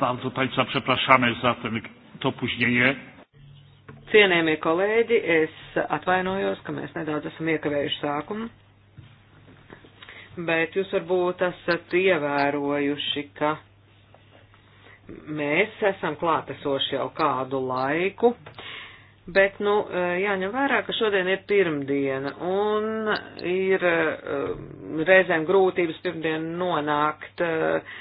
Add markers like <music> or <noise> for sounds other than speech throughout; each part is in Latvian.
Bardzo Państwa przepraszamy za ten, to opóźnienie. Cienējamie kolēģi, es atvainojos, ka mēs nedaudz esam iekavējuši sākumu, bet jūs varbūt esat ievērojuši, ka mēs esam klātesoši jau kādu laiku, bet, nu, jāņem vērā, ka šodien ir pirmdiena un ir um, reizēm grūtības pirmdien nonākt uh,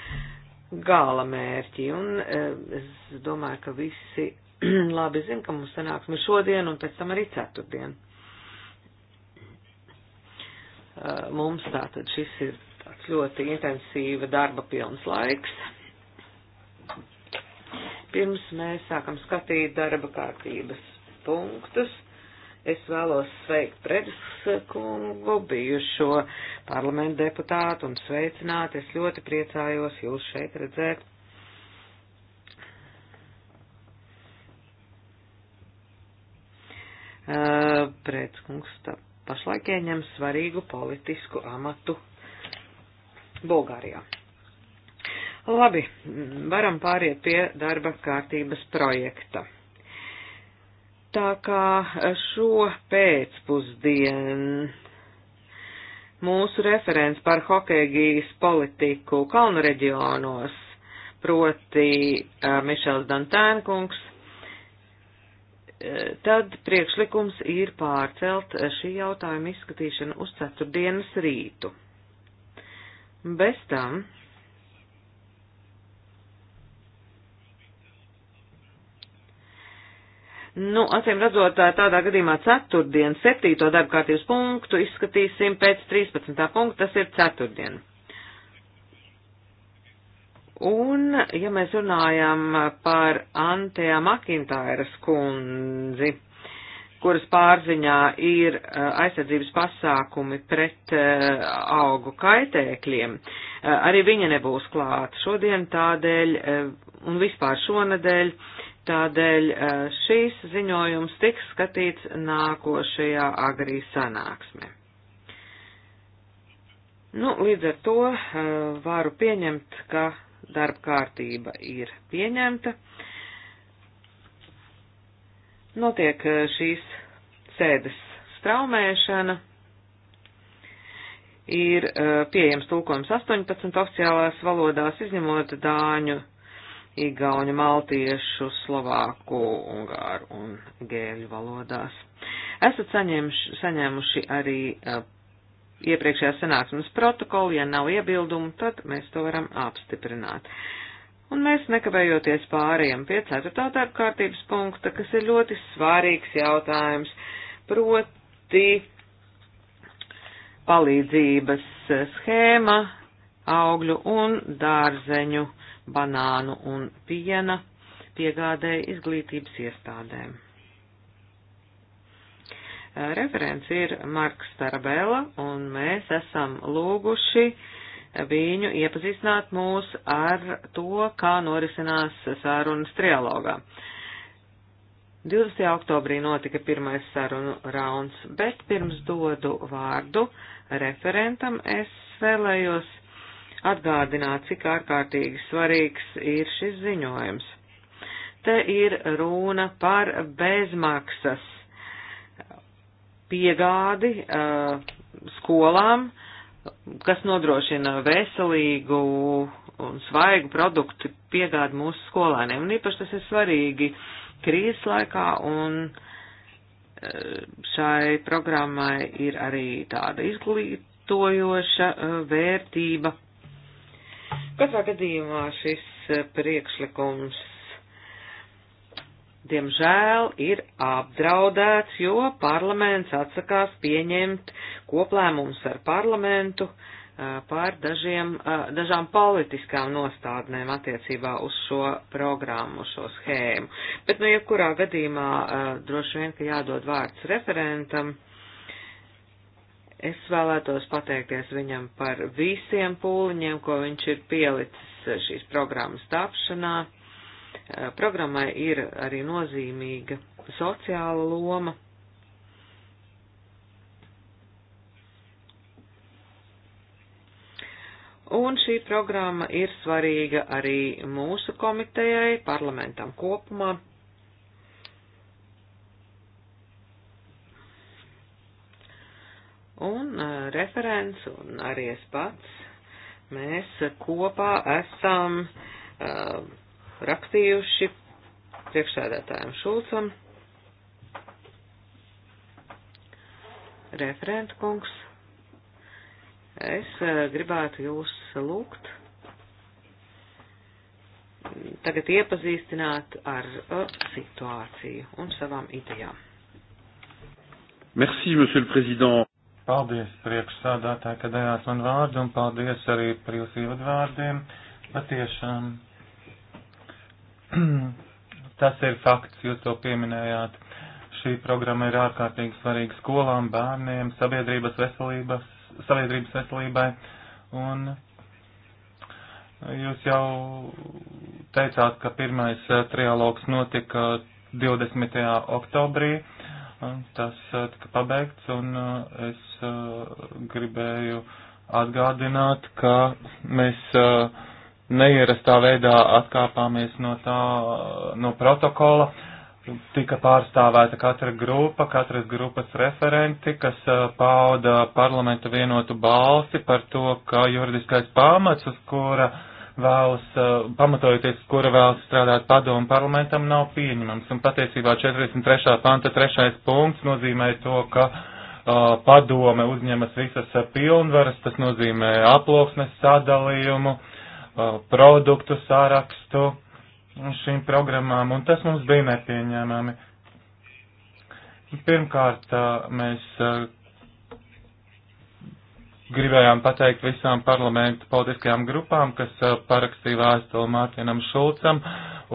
gāla mērķi, un eh, es domāju, ka visi <clears throat> labi zina, ka mums sanāksme šodien un pēc tam arī ceturtdien. Eh, mums tātad šis ir tāds ļoti intensīva darba pilns laiks. Pirms mēs sākam skatīt darba kārtības punktus. Es vēlos sveikt Predus kungu, bijušo parlamentu deputātu un sveicināt. Es ļoti priecājos jūs šeit redzēt. Uh, eh, Predus kungs pašlaik ieņem svarīgu politisku amatu Bulgārijā. Labi, varam pāriet pie darba kārtības projekta. Tā kā šo pēcpusdienu mūsu referents par hokejgijas politiku kalnu reģionos, proti uh, Mišels Dantēnkungs, tad priekšlikums ir pārcelt šī jautājuma izskatīšanu uz ceturtdienas rītu. Bez tam Nu, acīm redzot, tādā gadījumā ceturtdien, septīto darbkārtības punktu izskatīsim pēc 13. punkta, tas ir ceturtdien. Un, ja mēs runājam par Antejā Makintāras kundzi, kuras pārziņā ir eh, aizsardzības pasākumi pret eh, augu kaitēkļiem, eh, arī viņa nebūs klāt šodien tādēļ un vispār šonadēļ Tādēļ eh, šīs ziņojums tiks skatīts nākošajā agrī sanāksmē. Nu, līdz ar to uh, varu pieņemt, ka darba kārtība ir pieņemta. Notiek uh, šīs sēdes straumēšana. Ir uh, pieejams tulkojums 18 oficiālās valodās, izņemot dāņu, igauņu, maltiešu, slovāku, ungāru un gēļu valodās. Esat saņemši, saņēmuši arī uh, iepriekšējā sanāksmes protokolu, ja nav iebildumu, tad mēs to varam apstiprināt. Un mēs nekavējoties pāriem pie ceturtā darba kārtības punkta, kas ir ļoti svarīgs jautājums, proti palīdzības schēma augļu un dārzeņu, banānu un piena piegādēja izglītības iestādēm. Eh, referents ir Marks Tarabela, un mēs esam lūguši viņu iepazīstināt mūs ar to, kā norisinās sārunas trialogā. 20. oktobrī notika pirmais sarunu rauns, bet pirms dodu vārdu referentam es vēlējos atgādināt, cik ārkārtīgi svarīgs ir šis ziņojums. Te ir runa par bezmaksas piegādi uh, skolām, kas nodrošina veselīgu un svaigu produktu piegādi mūsu skolēniem. Un īpaši tas ir svarīgi krīzes laikā un uh, šai programmai ir arī tāda izglītojoša uh, vērtība Katrā gadījumā šis eh, priekšlikums, diemžēl, ir apdraudēts, jo parlaments atsakās pieņemt koplēmums ar parlamentu eh, pār dažiem, eh, dažām politiskām nostādnēm attiecībā uz šo programmu, šo schēmu. Bet, nu, jebkurā gadījumā droši vien, ka jādod vārds referentam Es vēlētos pateikties viņam par visiem pūliņiem, ko viņš ir pielicis eh, šīs programmas tapšanā. Eh, programmai ir arī nozīmīga sociāla loma. Un šī programma ir svarīga arī mūsu komitejai, parlamentam kopumā. Un uh, referents un arī es pats, mēs kopā esam uh, rakstījuši priekšsēdētājiem Šulcam. Referent kungs, es uh, gribētu jūs lūgt tagad iepazīstināt ar uh, situāciju un savām idejām. Merci, monsieur le président. Paldies priekšsādātāji, ka devās man vārdu un paldies arī par jūsu ievadvārdiem. Patiešām <clears throat> tas ir fakts, jūs to pieminējāt. Šī programma ir ārkārtīgi svarīga skolām, bērniem, sabiedrības, veselības, sabiedrības veselībai. Un jūs jau teicāt, ka pirmais eh, trialogs notika 20. Eh, oktobrī Tas eh, tika pabeigts, un eh, es eh, gribēju atgādināt, ka mēs neierastā veidā atkāpāmies no tā, no protokola. Tika pārstāvēta katra grupa, katras grupas referenti, kas pauda parlamenta vienotu balsi par to, ka juridiskais pamats, uz kura uh, vēlas, eh, pamatojoties, kura vēlas strādāt padomu parlamentam, nav pieņemams. Un patiesībā 43. panta trešais punkts nozīmē to, ka eh, padome uzņemas visas eh, pilnvaras, tas nozīmē aploksnes sadalījumu, produktu sārakstu šīm programmām, un tas mums bija nepieņēmami. Pirmkārt, mēs gribējām pateikt visām parlamentu politiskajām grupām, kas eh, parakstīja vēstuli Mārtiņam Šulcam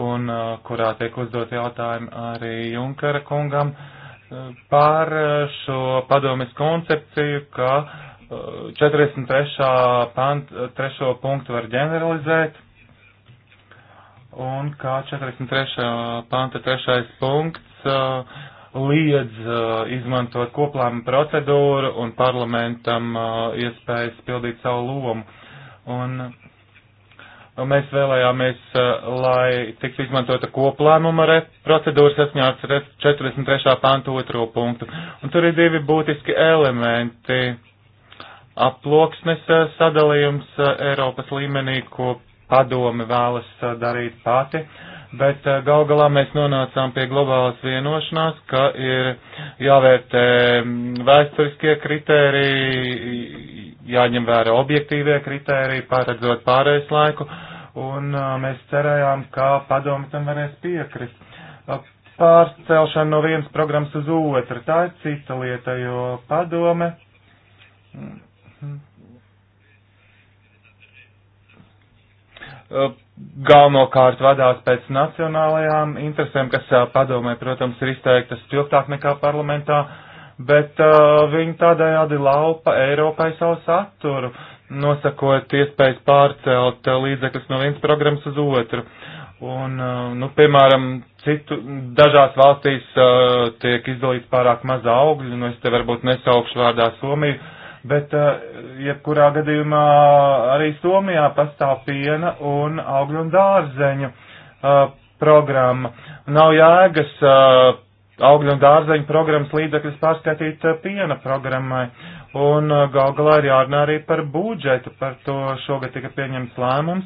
un eh, kurā tiek uzdot jautājumi arī Junkara kungam eh, par šo padomis koncepciju, ka 43. Pant, punktu var ģeneralizēt un kā 43. panta 3. punkts liedz uh, izmantot koplāmu procedūru un parlamentam uh, iespējas pildīt savu lomu. Un, un mēs vēlējāmies, uh, lai tiks izmantota koplēmuma re, procedūra sasņāts 43. pantu otro punktu. Un tur ir divi būtiski elementi. Aploksnes uh, sadalījums uh, Eiropas līmenī, ko padome vēlas uh, darīt pati. Uh, bet eh, gal galā mēs nonācām pie globālas vienošanās, ka ir jāvērtē mm, vēsturiskie kritēriji, jāņem vērā objektīvie kritēriji, paredzot pārējais laiku, un eh, mēs cerējām, ka padomu tam varēs piekrist. Eh, pārcelšana no vienas programmas uz otru, tā ir cita lieta, jo padome mm, mhm, Eh, galvenokārt vadās pēc nacionālajām interesēm, kas eh, padomē, protams, ir izteiktas spilgtāk nekā parlamentā, bet uh, viņi tādējādi laupa Eiropai savu saturu, nosakot iespējas pārcelt līdzekļus no vienas programmas uz otru. Un, uh, nu, piemēram, citu, dažās valstīs uh, tiek izdalīts pārāk maz augļu, nu, es te varbūt nesaukšu vārdā Somiju, bet eh, jebkurā gadījumā arī Somijā pastāv piena un augļu un dārzeņu eh, programma. Nav jēgas eh, augļu un dārzeņu programmas līdzekļus pārskatīt piena programmai. Un gal galā ir jārunā arī par budžetu, par to šogad tika pieņemts lēmums.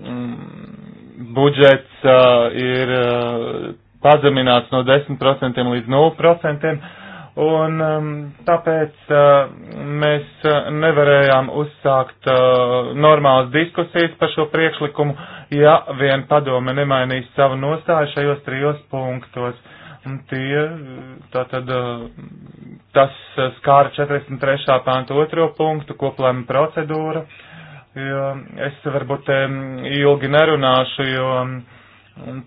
Mm, budžets uh, ir uh, pazemināts no 10% līdz 0%. Uh, Un um, tāpēc uh, mēs uh, nevarējām uzsākt uh, normālas diskusijas par šo priekšlikumu, ja vien padome nemainīs savu nostāju šajos trijos punktos. Un tie, tātad, tas skāra 43. pānta otro punktu, koplēma procedūra. Jo es varbūt um, ilgi nerunāšu, jo um,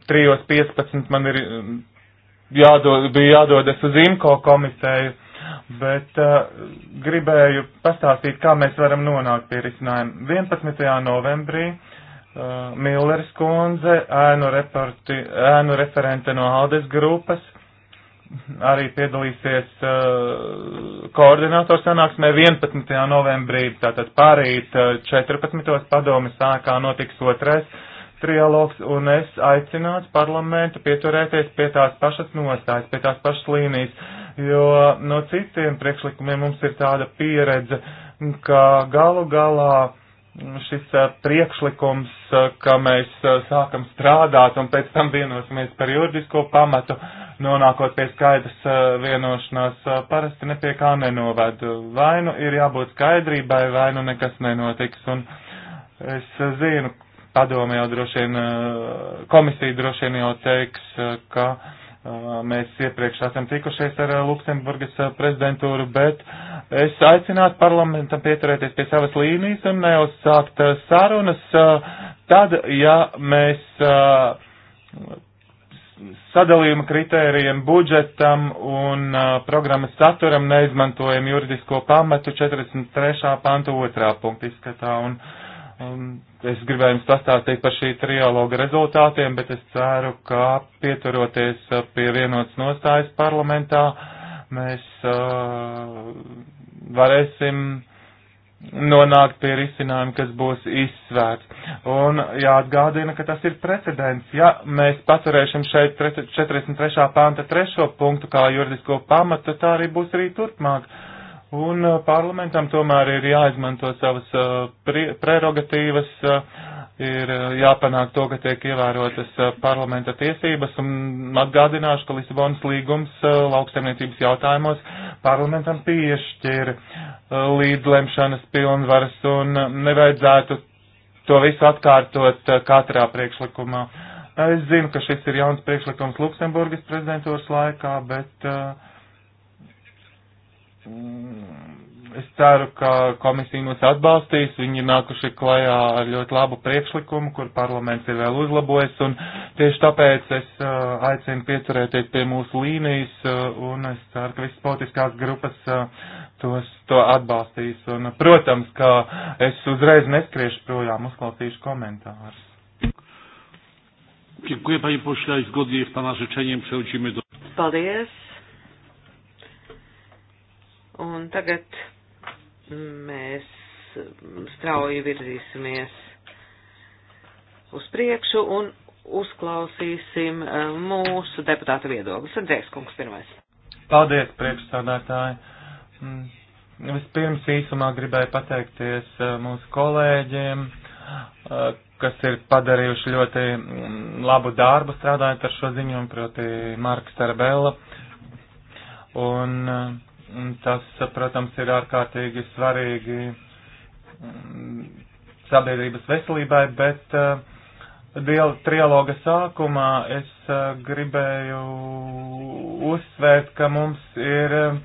trijos 15 man ir jādod, bija jādodas uz IMCO komisēju, bet uh, gribēju pastāstīt, kā mēs varam nonākt pie risinājuma. 11. novembrī uh, Milleris kundze, ēnu, reporti, ēnu referente no Aldes grupas, arī piedalīsies uh, koordinātors sanāksmē 11. novembrī, tātad pārīt uh, 14. padomi sākā notiks otrais trialogs, un es aicinātu parlamentu pieturēties pie tās pašas nostājas, pie tās pašas līnijas, jo no citiem priekšlikumiem mums ir tāda pieredze, ka galu galā šis eh, priekšlikums, eh, ka mēs eh, sākam strādāt un pēc tam vienosimies par juridisko pamatu, nonākot pie skaidras vienošanās, parasti nepie kā nenovēd. Vai nu ir jābūt skaidrībai, vai nu nekas nenotiks. Un es zinu, Padome jau droši vien, eh, komisija droši vien jau teiks, eh, ka eh, mēs iepriekš esam tikušies ar Luksemburgas prezidentūru, bet es aicinātu parlamentam pieturēties pie savas līnijas un neuzsākt sarunas tad, ja mēs sadalījuma kritērijiem, budžetam un programmas saturam neizmantojam juridisko pamatu 43. pantu otrā punktu izskatā. Un, uh, Um, es gribēju jums pastāstīt par šī trialoga rezultātiem, bet es ceru, ka pieturoties uh, pie vienotas nostājas parlamentā, mēs uh, varēsim nonākt pie risinājuma, kas būs izsvērts. Un jāatgādina, ka tas ir precedents. Ja mēs paturēsim šeit 43. panta trešo punktu kā juridisko pamatu, tā arī būs arī turpmāk. Uh, Un uh, parlamentam tomēr ir jāizmanto savas uh, prerogatīvas, uh, ir jāpanāk to, ka tiek ievērotas parlamenta tiesības, un atgādināšu, ka Lisabonas līgums lauksaimniecības jautājumos parlamentam piešķir līdzlemšanas pilnvaras, un nevajadzētu to visu atkārtot katrā priekšlikumā. Es zinu, ka šis ir jauns priekšlikums Luksemburgas prezidentūras laikā, bet uh, Mm, es ceru, ka komisija mūs atbalstīs. Viņi ir nākuši klajā ar ļoti labu priekšlikumu, kur parlaments ir vēl uzlabojis. Un tieši tāpēc es uh, aicinu pieturēties pie mūsu līnijas, uh, un es ceru, ka visas politiskās grupas uh, tos, to atbalstīs. Un, protams, ka es uzreiz neskriešu projām, uzklausīšu komentārus. Dziękuję panie pośle, zgodnie z pana życzeniem przechodzimy do. Paldies. Un tagad mēs strauji virzīsimies uz priekšu un uzklausīsim eh, mūsu deputāta viedokli. Sandrēks kungs pirmais. Paldies, priekšstādātāji. Mm, vispirms īsumā gribēju pateikties eh, mūsu kolēģiem, eh, kas ir padarījuši ļoti mm, labu darbu strādājot ar šo ziņojumu, proti Marks Tarbella. Un uh, Tas, protams, ir ārkārtīgi svarīgi mm, sabiedrības veselībai, bet uh, diel, trialoga sākumā es uh, gribēju uzsvērt, ka mums ir eh,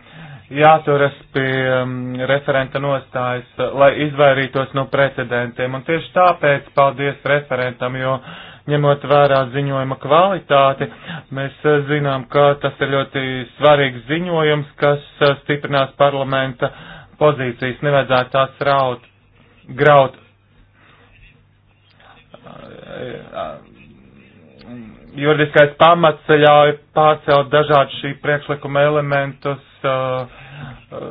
jāturas pie um, referenta nostājas, lai izvairītos no precedentiem. Un tieši tāpēc paldies referentam, jo uh, ņemot vērā ziņojuma kvalitāti, mēs eh, zinām, ka tas ir ļoti svarīgs ziņojums, kas eh, stiprinās parlamenta pozīcijas. Nevajadzētu tās raut, graut. Eh, juridiskais pamats ļauj pārcelt dažādu šī priekšlikuma elementus. Uh, uh,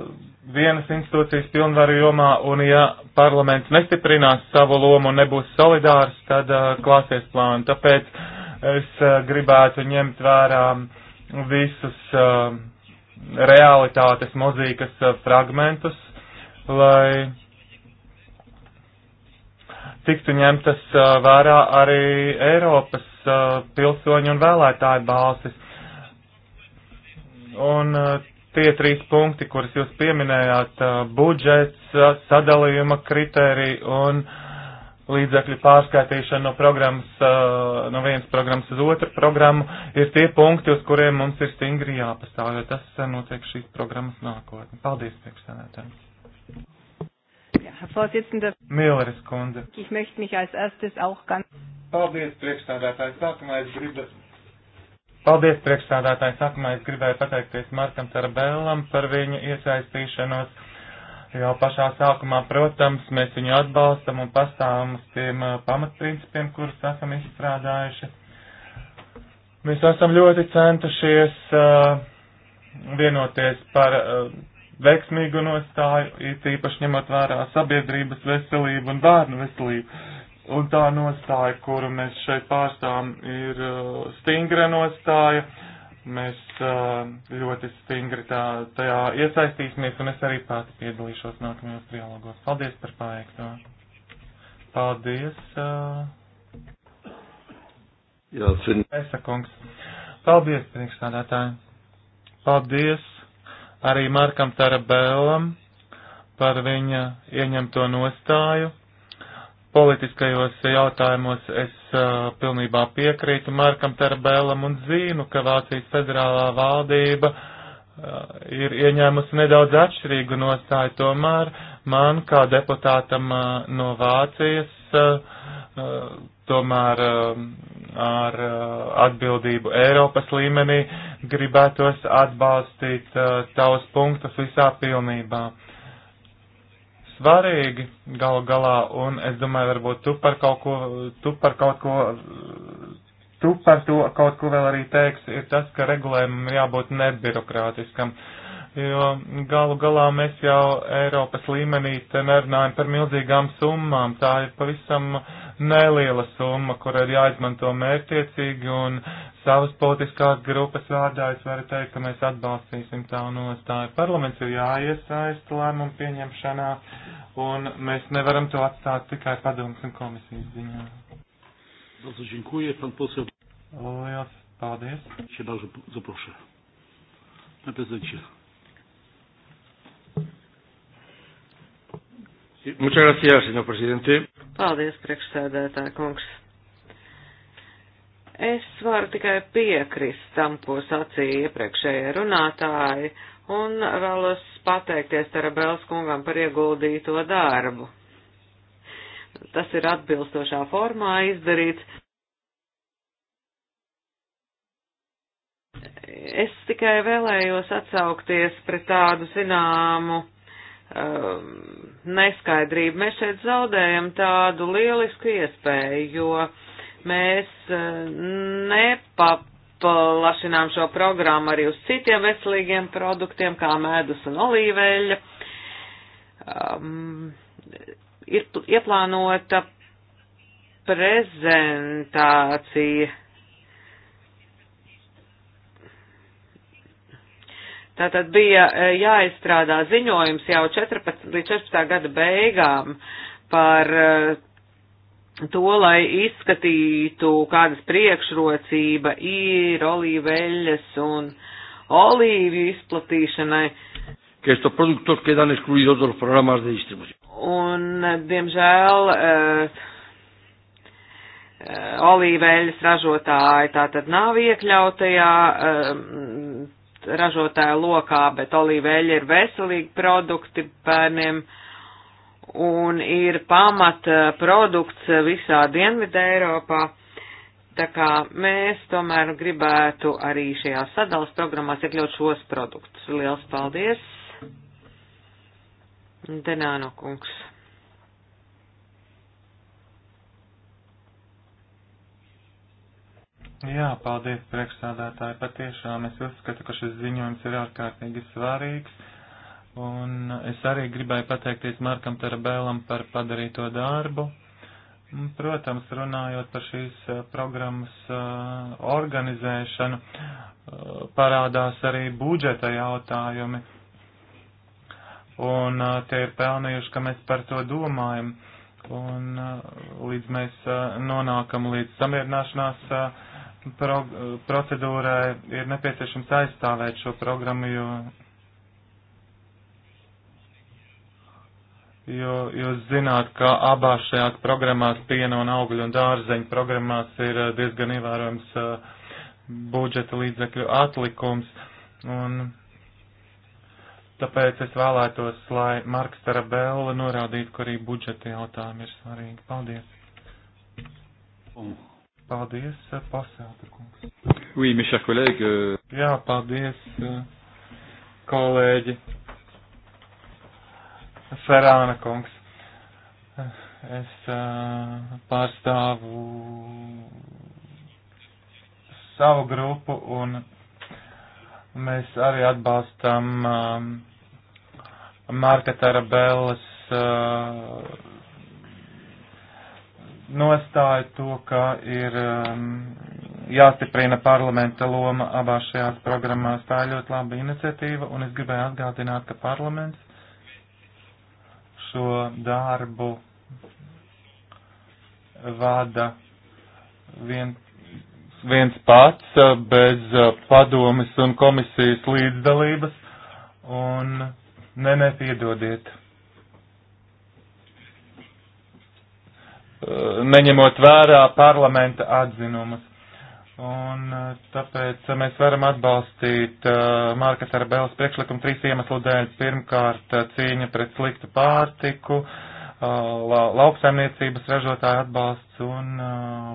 vienas institūcijas pilnvaru jomā, un ja parlaments nestiprinās savu lomu un nebūs solidārs, tad uh, klāsies plāni. Tāpēc es uh, gribētu ņemt vērā visus uh, realitātes mūzikas uh, fragmentus, lai tiktu ņemtas uh, vērā arī Eiropas uh, pilsoņu un vēlētāju balsis. Un uh, tie trīs punkti, kurus jūs pieminējāt uh, - budžets, uh, sadalījuma kritērija un līdzekļu pārskaitīšana no programmas, uh, no vienas programmas uz otru programmu, ir tie punkti, uz kuriem mums ir stingri jāpastāv, jo tas notiek šīs programmas nākotnē. Paldies, priekšsēdētāji! Herr Vorsitzender, Milleris Kunde. Ich möchte mich als erstes auch ganz. Paldies, priekšstādātājs. Sākumā es gribu Paldies, priekšsādātājs. Sākumā es gribēju pateikties Markam Tarabellam par viņu iesaistīšanos. Jau pašā sākumā, protams, mēs viņu atbalstam un pastāvam uz tiem uh, pamatprincipiem, kurus esam izstrādājuši. Mēs esam ļoti centušies uh, vienoties par uh, veiksmīgu nostāju, it īpaši ņemot vērā sabiedrības veselību un bērnu veselību. Un tā nostāja, kuru mēs šeit pārstāvam, ir uh, stingra nostāja. Mēs uh, ļoti stingri tā, tajā iesaistīsimies, un es arī pati piedalīšos nākamajos dialogos. Paldies par paveikto. Paldies. Uh, Jā, cien. Esakungs. Paldies, priekšstādātāji. Paldies arī Markam Tarabēlam par viņa ieņemto nostāju Politiskajos jautājumos es uh, pilnībā piekrītu Markam Terbēlam un zinu, ka Vācijas federālā valdība uh, ir ieņēmusi nedaudz atšķirīgu nostāju. Tomēr man kā deputātam uh, no Vācijas, uh, tomēr uh, ar uh, atbildību Eiropas līmenī gribētos atbalstīt uh, tavus punktus visā pilnībā. Uh, svarīgi gal galā, un es domāju, varbūt tu par kaut ko, tu par kaut ko, tu par to kaut ko vēl arī teiksi, ir tas, ka regulējumam ir jābūt nebirokrātiskam. Jo galu galā mēs jau Eiropas līmenī te nerunājam par milzīgām summām, tā ir pavisam uh, neliela summa, kura ir jāizmanto mērķiecīgi un savas politiskās grupas vārdā es varu teikt, ka mēs atbalstīsim tā nostāju. Parlaments ir jāiesaista lēmumu pieņemšanā un mēs nevaram to atstāt tikai padomus un komisijas ziņā. Bardzo dziękuję. Pan poseł. Paldies. Się bardzo zaproszę. Na prezencie. Muchas gracias, señor presidente. Paldies, priekšsēdētāja kungs. Es varu tikai piekrist tam, ko sacīja iepriekšējie runātāji, un vēlos pateikties Tarabels kungam par ieguldīto darbu. Tas ir atbilstošā formā izdarīts. Es tikai vēlējos atsaukties pret tādu zināmu Um, neskaidrību. Mēs šeit zaudējam tādu lielisku iespēju, jo mēs uh, nepaplašinām šo programmu arī uz citiem veselīgiem produktiem, kā medus un olīveļa. Um, ir ieplānota prezentācija Tātad bija e, jāizstrādā ziņojums jau 14 līdz 14 gada beigām par e, to, lai izskatītu, kādas priekšrocība ir olīveļas un olīvju izplatīšanai. Que estos productos quedan excluidos de los programas de distribución. Un, e, diemžēl, uh, olīveļas ražotāji tātad nav iekļautajā um, ražotāju lokā, bet olīveļi ir veselīgi produkti bērniem un ir pamat eh, produkts visā Dienvidē Eiropā. Tā kā mēs tomēr gribētu arī šajā sadalas programmās iekļaut šos produktus. Liels paldies! Denāno kungs. Jā, paldies priekšsādātāji. Patiešām es uzskatu, ka šis ziņojums ir ārkārtīgi svarīgs. Un es arī gribēju pateikties Markam Tarabēlam par padarīto darbu. Protams, runājot par šīs eh, programmas eh, organizēšanu, eh, parādās arī budžeta jautājumi. Un tie ir pelnījuši, ka mēs par to domājam. Un līdz mēs nonākam līdz samierināšanās pro, procedūrai ir nepieciešams aizstāvēt šo programmu, jo, jo jūs zināt, ka abās šajās programmās piena un augļu un dārzeņu programmās ir eh, diezgan ievērojams eh, budžeta līdzekļu atlikums. Un tāpēc es vēlētos, lai Marks Tarabella norādītu, ka arī budžeta jautājumi ir svarīgi. Paldies! Um. Paldies, eh, pasēta kungs. Oui, mes chers collègues. Euh, Jā, paldies, eh, kolēģi. Ferāna kungs. Eh, es pārstāvu savu grupu un mēs arī atbalstam Marka Tarabellas nostāju to, ka ir um, jāstiprina parlamenta loma abās šajās programmās. Tā ir ļoti laba iniciatīva, un es gribēju atgādināt, ka parlaments šo darbu vada vien, viens pats, uh, bez uh, padomis un komisijas līdzdalības, un ne, nepiedodiet Eh, neņemot vērā parlamenta atzinumus. Un eh, tāpēc mēs varam atbalstīt eh, Mārka Tarabēlas priekšlikumu trīs iemeslu dēļ. Pirmkārt, cīņa pret sliktu pārtiku, lauksaimniecības ražotāju atbalsts un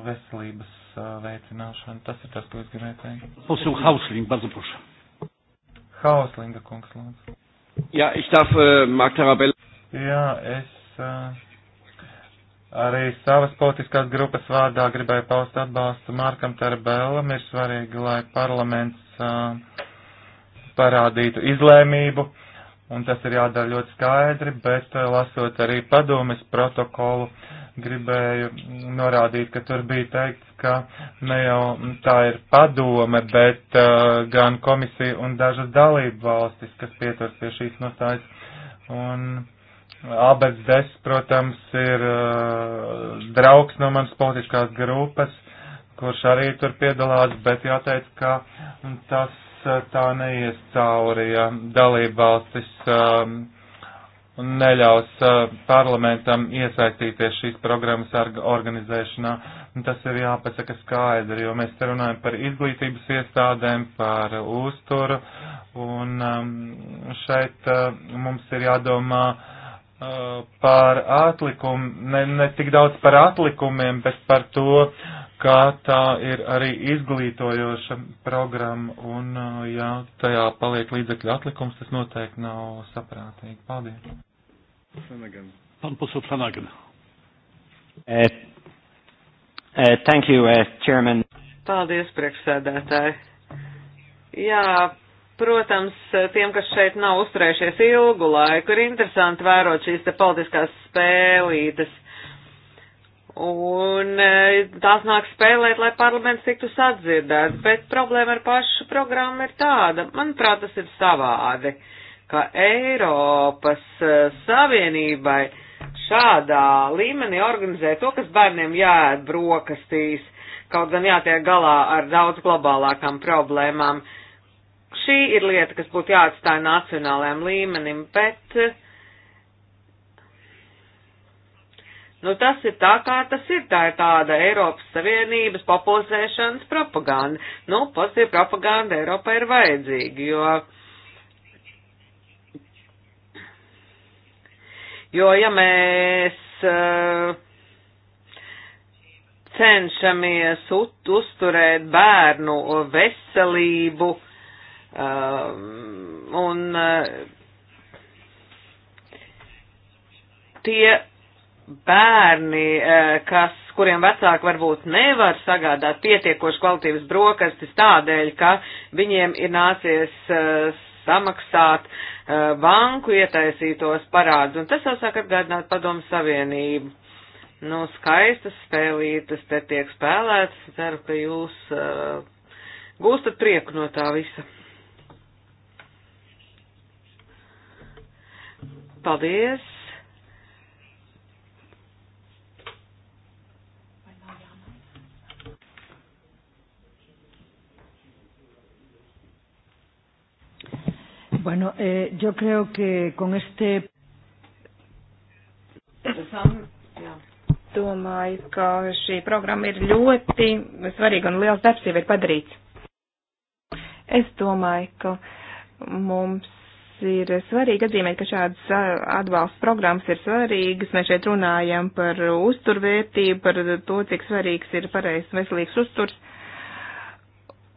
veselības veicināšana. Tas ir tas, ko es gribēju teikt. Posil Hausling, bazupuša. Hauslinga kungs, lūdzu. Jā, ja, ich darf uh, Mark Tarabella. Jā, es uh, Arī savas politiskās grupas vārdā gribēju paust atbalstu Markam Tarbēlam. Ir svarīgi, lai parlaments uh, parādītu izlēmību, un tas ir jādara ļoti skaidri, bet uh, lasot arī padomis protokolu, gribēju norādīt, ka tur bija teikts, ka ne jau tā ir padome, bet uh, gan komisija un dažas dalību valstis, kas pieturas pie šīs nostājas. Un, uh, Abets Des, protams, ir uh, draugs no manas politiskās grupas, kurš arī tur piedalās, bet jāteic, ka tas uh, tā neies cauri, ja dalībvalstis uh, neļaus uh, parlamentam iesaistīties šīs programmas organizēšanā. Tas ir jāpasaka skaidri, jo mēs te runājam par izglītības iestādēm, par uzturu, un um, šeit uh, mums ir jādomā, uh, Eh, par atlikumu, ne, ne tik daudz par atlikumiem, bet par to, kā tā ir arī izglītojoša programma, un eh, ja tajā paliek līdzekļu atlikums, tas noteikti nav saprātīgi. Paldies. Flanagan. Pan poseł Flanagan. Uh, uh, thank you, uh, Chairman. Paldies, priekšsēdētāji. Jā, Protams, tiem, kas šeit nav uzturējušies ilgu laiku, ir interesanti vērot šīs te politiskās spēlītes. Un e, tās nāk spēlēt, lai parlaments tiktu sadzirdēts, bet problēma ar pašu programmu ir tāda, manuprāt, tas ir savādi, ka Eiropas e, Savienībai šādā līmenī organizē to, kas bērniem jāēd brokastīs, kaut gan jātiek galā ar daudz globālākām problēmām šī ir lieta, kas būtu jāatstāja nacionālajam līmenim, bet, nu, tas ir tā, kā tas ir, tā ir tāda Eiropas Savienības populizēšanas propaganda. Nu, pozitīva propaganda Eiropā ir vajadzīga, jo. Jo, ja mēs uh, cenšamies ut, uzturēt bērnu veselību, uh, Um, un uh, tie bērni, uh, kas, kuriem vecāki varbūt nevar sagādāt pietiekoši kvalitīvas brokastis tādēļ, ka viņiem ir nācies uh, samaksāt banku ietaisītos parādus, un tas jau sāk atgādināt padomu savienību. Nu, skaistas spēlītas te tiek spēlētas, ceru, ka jūs uh, gūstat prieku no tā visa. Paldies! Bueno, eh, yo creo que con este. Domāju, ka šī programma ir ļoti svarīga un liels darbs jau ir padarīts. Es domāju, ka mums ir svarīgi atzīmēt, ka šādas atbalsta programmas ir svarīgas. Mēs šeit runājam par uzturvērtību, par to, cik svarīgs ir pareizs veselīgs uzturs.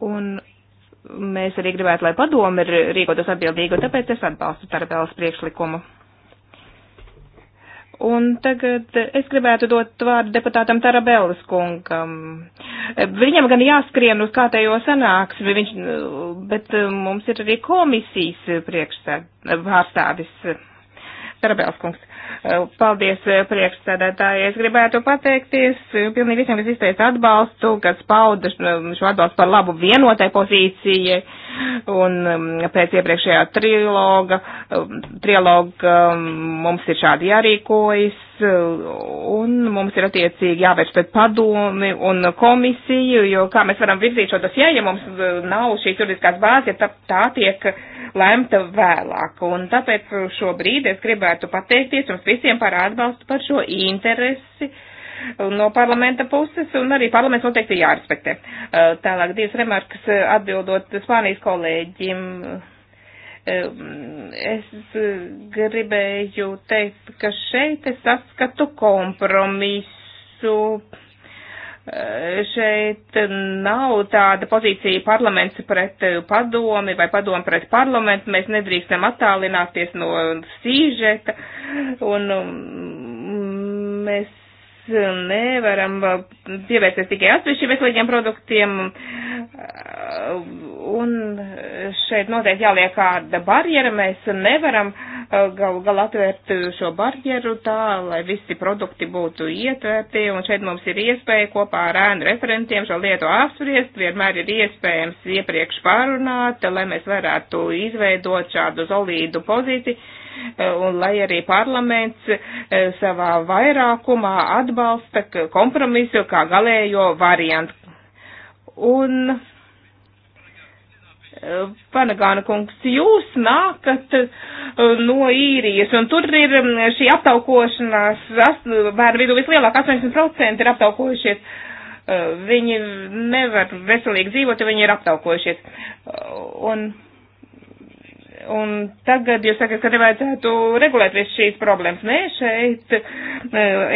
Un mēs arī gribētu, lai padomi rīkotos atbildīgi, un tāpēc es atbalstu Tarabēlas priekšlikumu. Un tagad es gribētu dot vārdu deputātam Tarabellas kungam. Viņam gan jāskrien uz kārtējo sanāksmi, viņš, bet uh, mums ir arī komisijas priekšstāvis Tarabellas kungs. Paldies eh, priekšsēdētāji. Es gribētu pateikties eh, pilnīgi visiem, kas izteica atbalstu, kas pauda šo atbalstu par labu vienotai pozīcijai. Un mm, pēc iepriekšējā triloga, mm, triloga mm, mums ir šādi jārīkojas eh, un mums ir attiecīgi jāvērš pret padomi un komisiju, jo kā mēs varam virzīt šo dosjē, ja mums nav šīs juridiskās bāzes, ja tā, tā tiek lemta vēlāk. Un tāpēc šobrīd es gribētu pateikties jums jums visiem par atbalstu, par šo interesi uh, no parlamenta puses, un arī parlaments noteikti jārespektē. Uh, tālāk divas remarkas uh, atbildot Spānijas kolēģim. Es gribēju teikt, ka šeit es saskatu kompromisu šeit nav tāda pozīcija parlaments pret padomi vai padomi pret parlamentu. Mēs nedrīkstam attālināties no sīžeta un um, mēs nevaram pievērsties tikai atsevišķi veselīgiem produktiem. Un šeit noteikti jāliek kāda barjera. Mēs nevaram uh, gal, gal atvērt uh, šo barjeru tā, lai visi produkti būtu ietverti, un šeit mums ir iespēja kopā ar ēnu referentiem šo lietu apspriest, vienmēr ir iespējams iepriekš pārunāt, lai mēs varētu izveidot šādu solīdu pozīciju, uh, un lai arī parlaments uh, savā vairākumā atbalsta kompromisu kā galējo variantu. Un Panagāna kungs, jūs nākat uh, no īrijas, un tur ir um, šī aptaukošanās, bērnu vidū vislielākā 80% ir aptaukojušies. Uh, viņi nevar veselīgi dzīvot, ja viņi ir aptaukojušies. Uh, un Un tagad jūs sakat, ka nevajadzētu regulēt visu šīs problēmas. Nē, šeit e,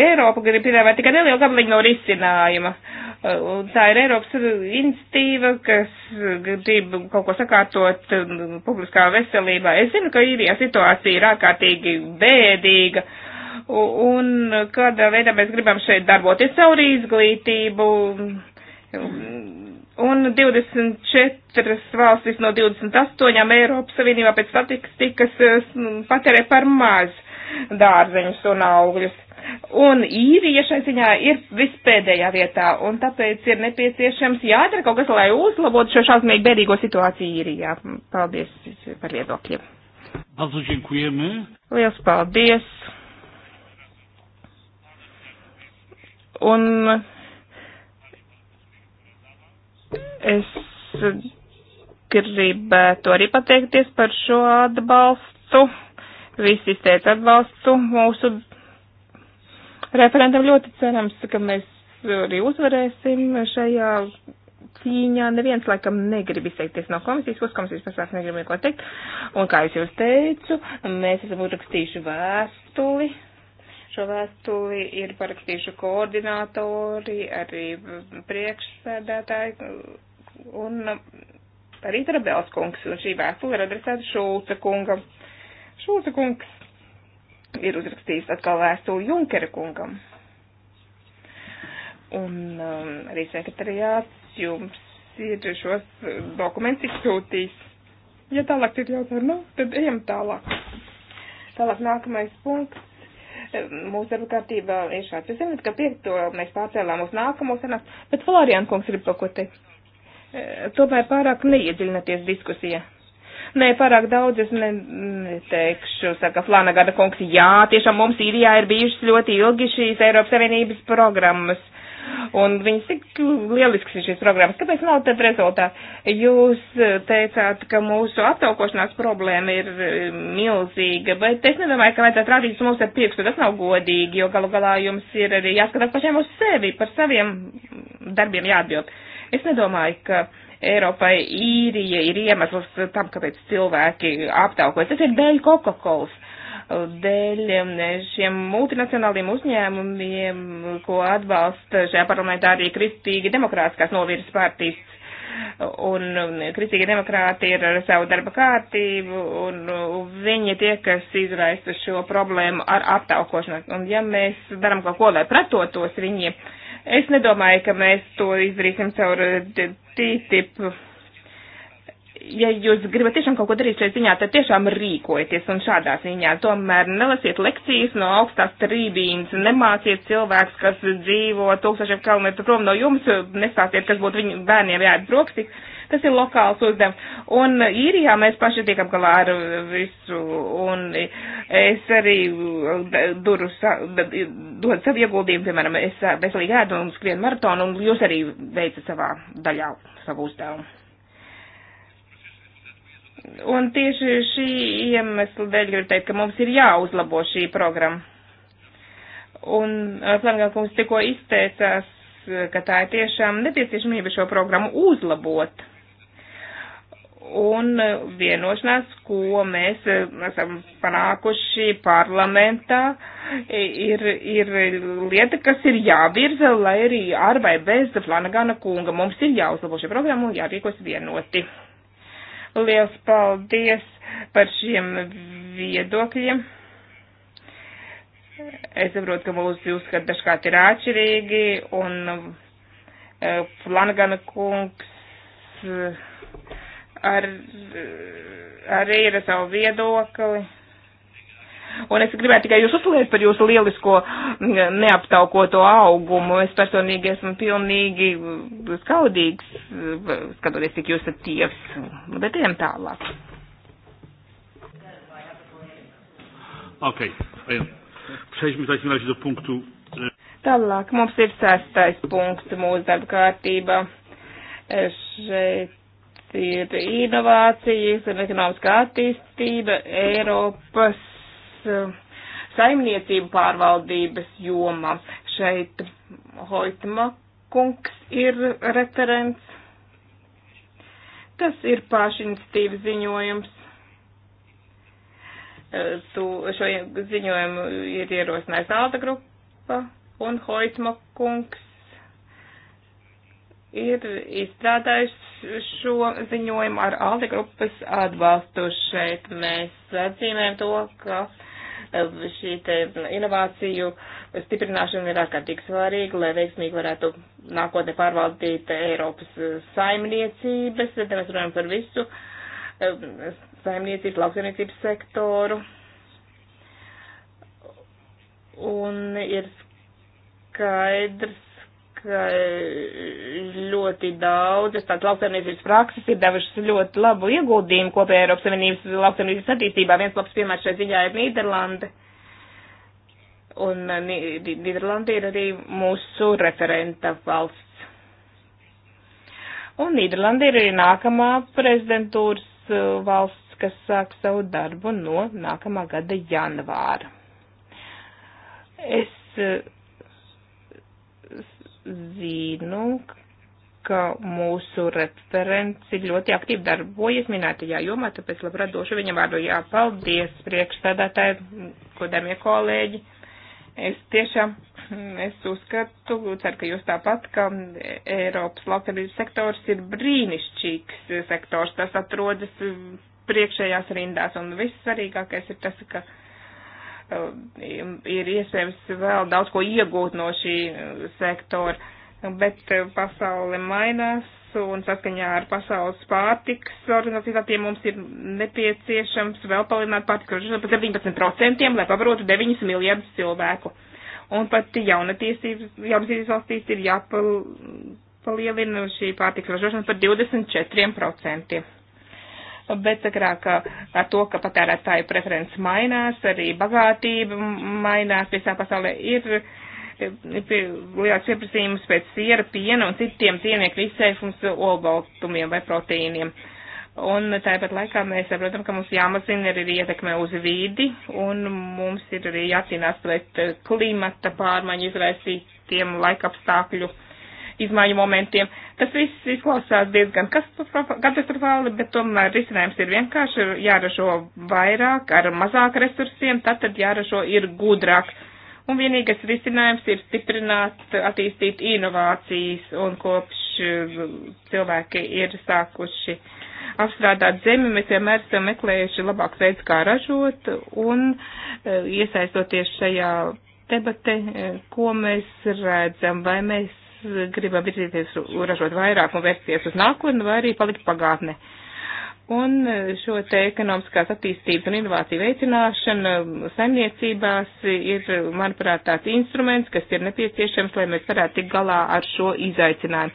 Eiropa grib piedāvāt tikai nelielu gabaliņu no risinājuma. E, tā ir Eiropas institīva, kas grib kaut ko sakārtot e, publiskā veselībā. Es zinu, ka īrijā situācija ir ārkārtīgi bēdīga. Un kādā veidā mēs gribam šeit darboties caur izglītību Un 24 valstis no 28 Eiropas Savienībā pēc statistikas eh, patērē par maz dārzeņus un augļus. Un īrija šai ziņā ir vispēdējā vietā, un tāpēc ir nepieciešams jādara kaut kas, lai uzlabotu šo šausmīgi bēdīgo situāciju īrijā. Paldies par viedokļiem. Lielas paldies. Un Es gribētu arī pateikties par šo atbalstu. Visi izteica atbalstu mūsu referentam. Ļoti cerams, ka mēs arī uzvarēsim šajā cīņā. Neviens, laikam, negrib izteikties no komisijas, puskomisijas pasāks negrib neko teikt. Un, kā es jau teicu, mēs esam uzrakstījuši vēstuli. Šo vēstuli ir parakstījuši koordinātori, arī priekšsēdētāji un um, arī Tarabels kungs, un šī vēstule ir adresēta Šulca kungam. Šulca kungs ir uzrakstījis atkal vēstuli Junkera kungam. Un um, arī sekretariāts jums ir šos dokumentus izsūtījis. Ja tālāk ir jautājumi, nu, tad ejam tālāk. Tālāk nākamais punkts um, mūsu darba kārtībā ir šāds. Jūs zināt, ka piekto mēs pārcēlām uz nākamo sanāksmu, bet Florian kungs grib kaut ko teikt. E, tomēr pārāk neiedziļināties diskusijā. Nē, pārāk daudz es ne, neteikšu, saka Flanagada kungs, jā, tiešām mums Īrijā ir bijušas ļoti ilgi šīs Eiropas Savienības programmas. Un viņas tik lielisks ir šīs programmas. Kāpēc nav tad rezultāti? Jūs teicāt, ka mūsu aptaukošanās problēma ir e, milzīga, bet es nedomāju, ka vajadzētu rādīt mums ar priekšu, tas nav godīgi, jo galu galā jums ir arī jāskatās pašiem uz sevi, par saviem darbiem jāatbild. Uh, Es nedomāju, ka Eiropai īrija ir iemesls tam, kāpēc cilvēki aptaukojas. Tas ir dēļ Coca-Colas, dēļ um, šiem multinacionāliem uzņēmumiem, ko atbalsta šajā parlamentā arī kristīgi demokrātiskās novirzes partijas. Un um, kristīgi demokrāti ir ar savu darba kārtību, un um, viņi tie, kas izraisa šo problēmu ar aptaukošanu. Un ja mēs darām kaut ko, lai pretotos viņiem, uh, Es nedomāju, ka mēs to izdarīsim caur eh, TTIP. Ja jūs gribat tiešām kaut ko darīt šeit ziņā, tad tiešām rīkojieties un šādā ziņā. Tomēr nelasiet lekcijas no augstās trībīnas, nemāciet cilvēks, kas dzīvo tūkstošiem kilometru prom no jums, nestāstiet, kas būtu viņu bērniem jāiet brokstīt. Uh, Tas ir lokāls uzdevums. Un īrijā mēs paši tiekam galā ar visu, un es arī eh, duru, sa, dodu savu ieguldījumu, piemēram, es eh, veselīgi ēdu un skrienu maratonu, un jūs arī veicat savā daļā savu uzdevumu. Un tieši šī iemesla dēļ gribu teikt, ka mums ir jāuzlabo šī programma. Un eh, Flanagā kungs tikko izteicās, ka tā ir tiešām nepieciešamība šo programmu uzlabot un vienošanās, ko mēs esam panākuši parlamentā, ir, ir lieta, kas ir jāvirza, lai arī ar vai bez Flanagana kunga mums ir jāuzlabo šī programma un jārīkos vienoti. Liels paldies par šiem viedokļiem. Es saprotu, ka mūsu uzskati dažkārt ir atšķirīgi un eh, Flanagana kungs. Uh, ar, arī ar savu viedokli. Un es gribētu tikai jūs uzslavēt par jūsu lielisko mm, neaptaukoto augumu. Es personīgi esmu pilnīgi skaudīgs, skatoties, cik jūs esat tievs. Bet ejam tālāk. Ok, ejam. Przejdźmy w takim razie do punktu. E, tālāk mums ir sestais punkts mūsu darba kārtībā. E, šeit ir inovācijas un ekonomiskā attīstība Eiropas uh, saimniecību pārvaldības jomā. Šeit Hoitma kungs ir referents. Tas ir pašinstīvas ziņojums. Uh, tu šo ziņojumu ir ierosinājis Alta grupa un Hoitma kungs ir izstrādājis šo ziņojumu ar Alde grupas atbalstu. Šeit mēs atzīmējam to, ka eh, šī te inovāciju stiprināšana ir ārkārtīgi svarīga, lai veiksmīgi varētu nākotnē pārvaldīt Eiropas eh, saimniecības, tad mēs runājam par visu eh, saimniecības, lauksaimniecības sektoru. Un ir skaidrs, Eh, ļoti daudzas tādas lauksaimniecības prakses ir devušas ļoti labu ieguldījumu kopējā Eiropas Savienības lauksaimniecības attīstībā. Viens labs piemērs šai ziņā ir Nīderlanda. Un eh, Nīderlanda ir arī mūsu referenta valsts. Un Nīderlanda ir arī nākamā prezidentūras eh, valsts, kas sāk savu darbu no nākamā gada janvāra. Es zinu, ka mūsu referents ir ļoti aktīvi darbojies minētajā jomā, tāpēc labprāt došu viņam vārdu jāpaldies priekšstādātāji, godamie kolēģi. Es tiešām, es uzskatu, ceru, ka jūs tāpat, ka Eiropas lauksaimniecības sektors ir brīnišķīgs sektors, tas atrodas priekšējās rindās, un viss svarīgākais ir tas, ka Um, ir iespējams vēl daudz ko iegūt no šī uh, sektora, bet uh, pasaule mainās un saskaņā ar pasaules pārtiks organizācijām mums ir nepieciešams vēl palielināt pārtiks ražošanu par 17%, lai pabarotu 9 miljardus cilvēku. Un pat jaunatiesības, jaunatīstības valstīs ir jāpalielina šī pārtiks ražošana par 24% bet sakrā, ka ar to, ka patērētāju preferences mainās, arī bagātība mainās visā pasaulē, ir liels pieprasījums pēc siera, piena un citiem dzīvnieku izsēfums olbaltumiem vai proteīniem. Un tāpat laikā mēs saprotam, ka mums jāmazina arī ietekme uz vīdi, un mums ir arī jācīnās pret klimata pārmaiņu izraisītiem laikapstākļu izmaiņu momentiem. Tas viss izklausās diezgan katastrofāli, bet tomēr risinājums ir vienkārši jāražo vairāk ar mazāk resursiem, tātad jāražo ir gudrāk. Un vienīgais risinājums ir stiprināt, attīstīt inovācijas, un kopš uh, cilvēki ir sākuši apstrādāt zemi, mēs vienmēr esam meklējuši labāks veids, kā ražot, un uh, iesaistoties šajā debate, uh, ko mēs redzam, vai mēs gribam virzīties, ražot vairāk un vērsties uz nākotni, vai arī palikt pagātne. Un eh, šo te ekonomiskās attīstības un inovāciju veicināšana saimniecībās ir, manuprāt, tāds instruments, kas ir nepieciešams, lai mēs varētu tikt galā ar šo izaicinājumu.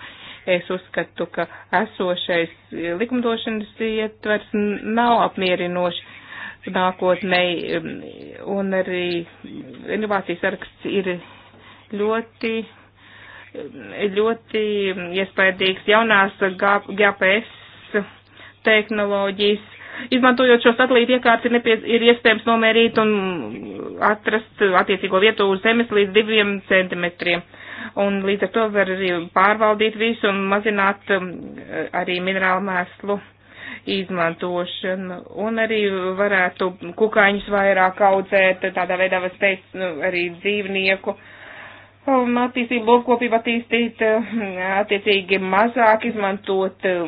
Es uzskatu, ka esošais eh, likumdošanas ietvers nav apmierinošs nākotnē, un arī inovācijas saraksts ir ļoti ļoti iespaidīgs jaunās GPS tehnoloģijas. Izmantojot šo satelītu iekārtu, ir, nepie, ir iespējams nomērīt un atrast attiecīgo vietu uz zemes līdz diviem centimetriem. Un līdz ar to var arī pārvaldīt visu un mazināt um, arī minerālu mēslu izmantošanu. Un arī varētu kukaiņus vairāk audzēt, tādā veidā var spēt nu, arī dzīvnieku uh, un attīstību lopkopību attīstīt eh, attiecīgi mazāk, izmantot eh,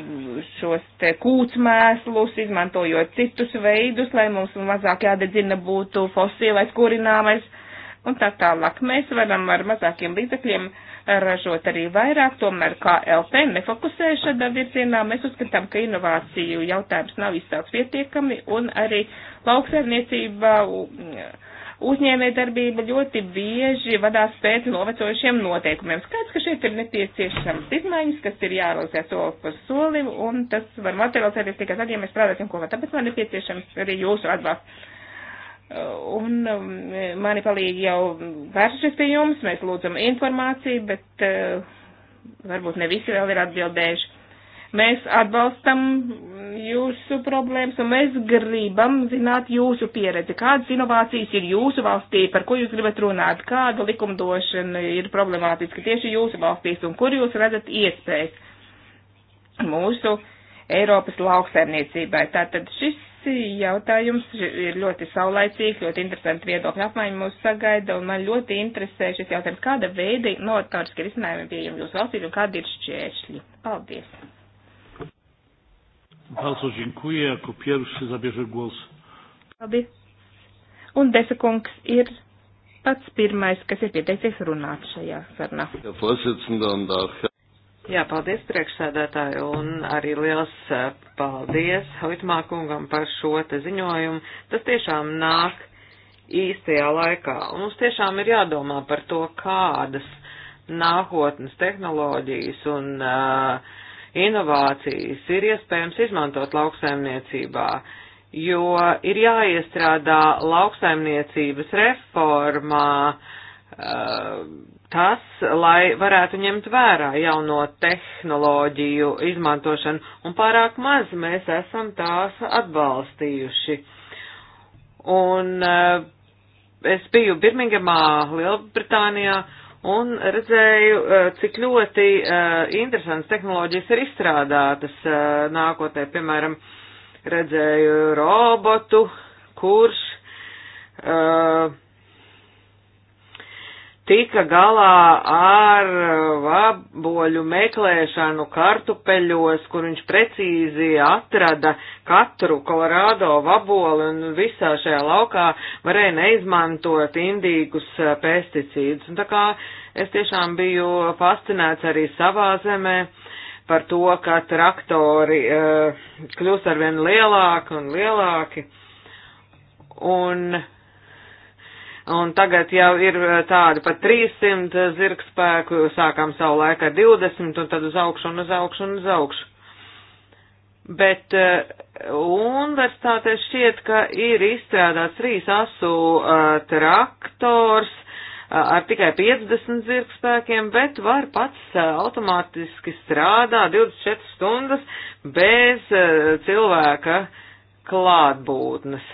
šos te kūtsmēslus, izmantojot citus veidus, lai mums mazāk jādedzina būtu fosilais kurināmais un tā tālāk. Mēs varam ar mazākiem līdzekļiem ražot arī vairāk, tomēr kā LP nefokusēja šādā virzienā. Mēs uzskatām, ka inovāciju jautājums nav izcelts pietiekami un arī lauksaimniecība uzņēmē darbība ļoti bieži vadās pēc novecojušiem noteikumiem. Skaidrs, ka šeit ir nepieciešams izmaiņas, kas ir jārozē soli par solim, un tas var materializēties tikai tad, ja mēs strādāsim kopā. Tāpēc man nepieciešams arī jūsu atbalsts. Uh, un um, mani palīgi jau vēršas pie jums, mēs lūdzam informāciju, bet uh, varbūt ne visi vēl ir atbildējuši. Mēs atbalstam jūsu problēmas un mēs gribam zināt jūsu pieredzi. Kādas inovācijas ir jūsu valstī, par ko jūs gribat runāt, kāda likumdošana ir problemātiska tieši jūsu valstīs un kur jūs redzat iespējas mūsu Eiropas lauksaimniecībai. Tātad šis jautājums ir ļoti saulaicīgs, ļoti interesanti viedokļu apmaiņu mūs sagaida, un man ļoti interesē šis jautājums, kāda veida novatoriski risinājumi pieejami jūsu valstī un kādi ir šķēršļi. Paldies! Bardzo dziękuję. Jako pierwszy zabierze głos. Labi. Un Defa kungs ir pats pirmais, kas ir pieteicies runāt šajā sarunā. Jā, paldies priekšsēdētāji un arī liels paldies Hoitmā kungam par šo te ziņojumu. Tas tiešām nāk īstajā laikā. Un mums tiešām ir jādomā par to, kādas nākotnes tehnoloģijas un uh, inovācijas ir iespējams izmantot lauksaimniecībā, jo ir jāiestrādā lauksaimniecības reformā eh, tas, lai varētu ņemt vērā jauno tehnoloģiju izmantošanu, un pārāk maz mēs esam tās atbalstījuši. Un eh, es biju Birmingemā, Lielbritānijā, un redzēju, eh, cik ļoti eh, interesantas tehnoloģijas ir izstrādātas eh, nākotnē. Piemēram, redzēju robotu, kurš uh, tika galā ar uh, vaboļu meklēšanu kartupeļos, kur viņš precīzi atrada katru kolorādo vaboli un visā šajā laukā varēja neizmantot indīgus uh, pesticīdus. Un tā kā es tiešām biju fascinēts arī savā zemē par to, ka traktori uh, kļūst arvien lielāki un lielāki. Un Un tagad jau ir eh, tādi pat 300 zirgspēku, sākām savu laiku ar 20 un tad uz augšu un uz augšu un uz augšu. Bet eh, universitātē šķiet, ka ir izstrādāts trīs asu uh, traktors uh, ar tikai 50 zirgspēkiem, bet var pats uh, automātiski strādā 24 stundas bez cilvēka klātbūtnes.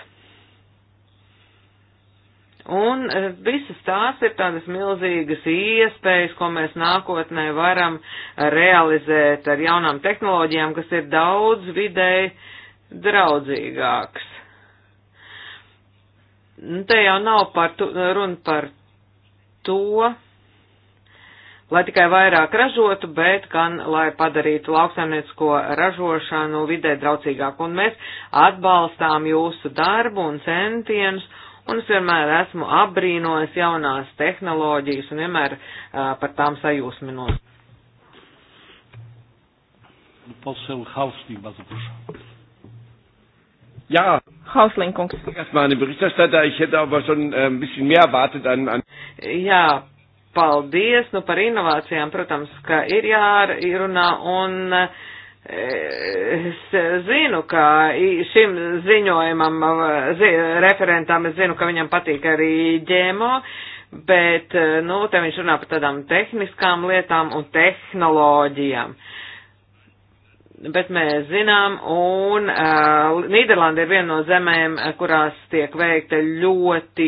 Un e, visas tās ir tādas milzīgas iespējas, ko mēs nākotnē varam e, realizēt ar jaunām tehnoloģijām, kas ir daudz videi draudzīgāks. Nu, te jau nav par tu, runa par to, lai tikai vairāk ražotu, bet gan, lai padarītu lauksaimniecisko ražošanu vidē draudzīgāku. Un mēs atbalstām jūsu darbu un centienus un es vienmēr esmu apbrīnojis jaunās tehnoloģijas un vienmēr uh, par tām sajūsminos. Poseł Hausling, bardzo proszę. Ja. Hauslinkungs. Erstmal eine Berichterstatter, ich hätte aber schon äh, ein bisschen mehr erwartet an, an Jā, paldies, nu par inovācijām, protams, ka ir jārunā un uh, Es zinu, ka šim ziņojumam, referentam, es zinu, ka viņam patīk arī ģēmo, bet, nu, te viņš runā par tādām tehniskām lietām un tehnoloģijām. Bet mēs zinām, un uh, Nīderlanda ir viena no zemēm, kurās tiek veikta ļoti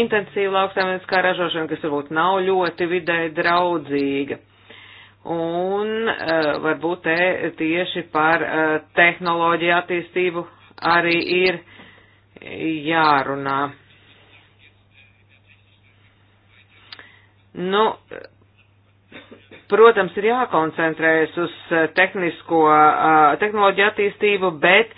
intensīva lauksaimnieciskā ražošana, kas varbūt nav ļoti vidē draudzīga. Uh, Un uh, varbūt te tieši par uh, tehnoloģiju attīstību arī ir jārunā. Nu, protams, ir jākoncentrējas uz eh, tehnisko, uh, tehnoloģiju attīstību, bet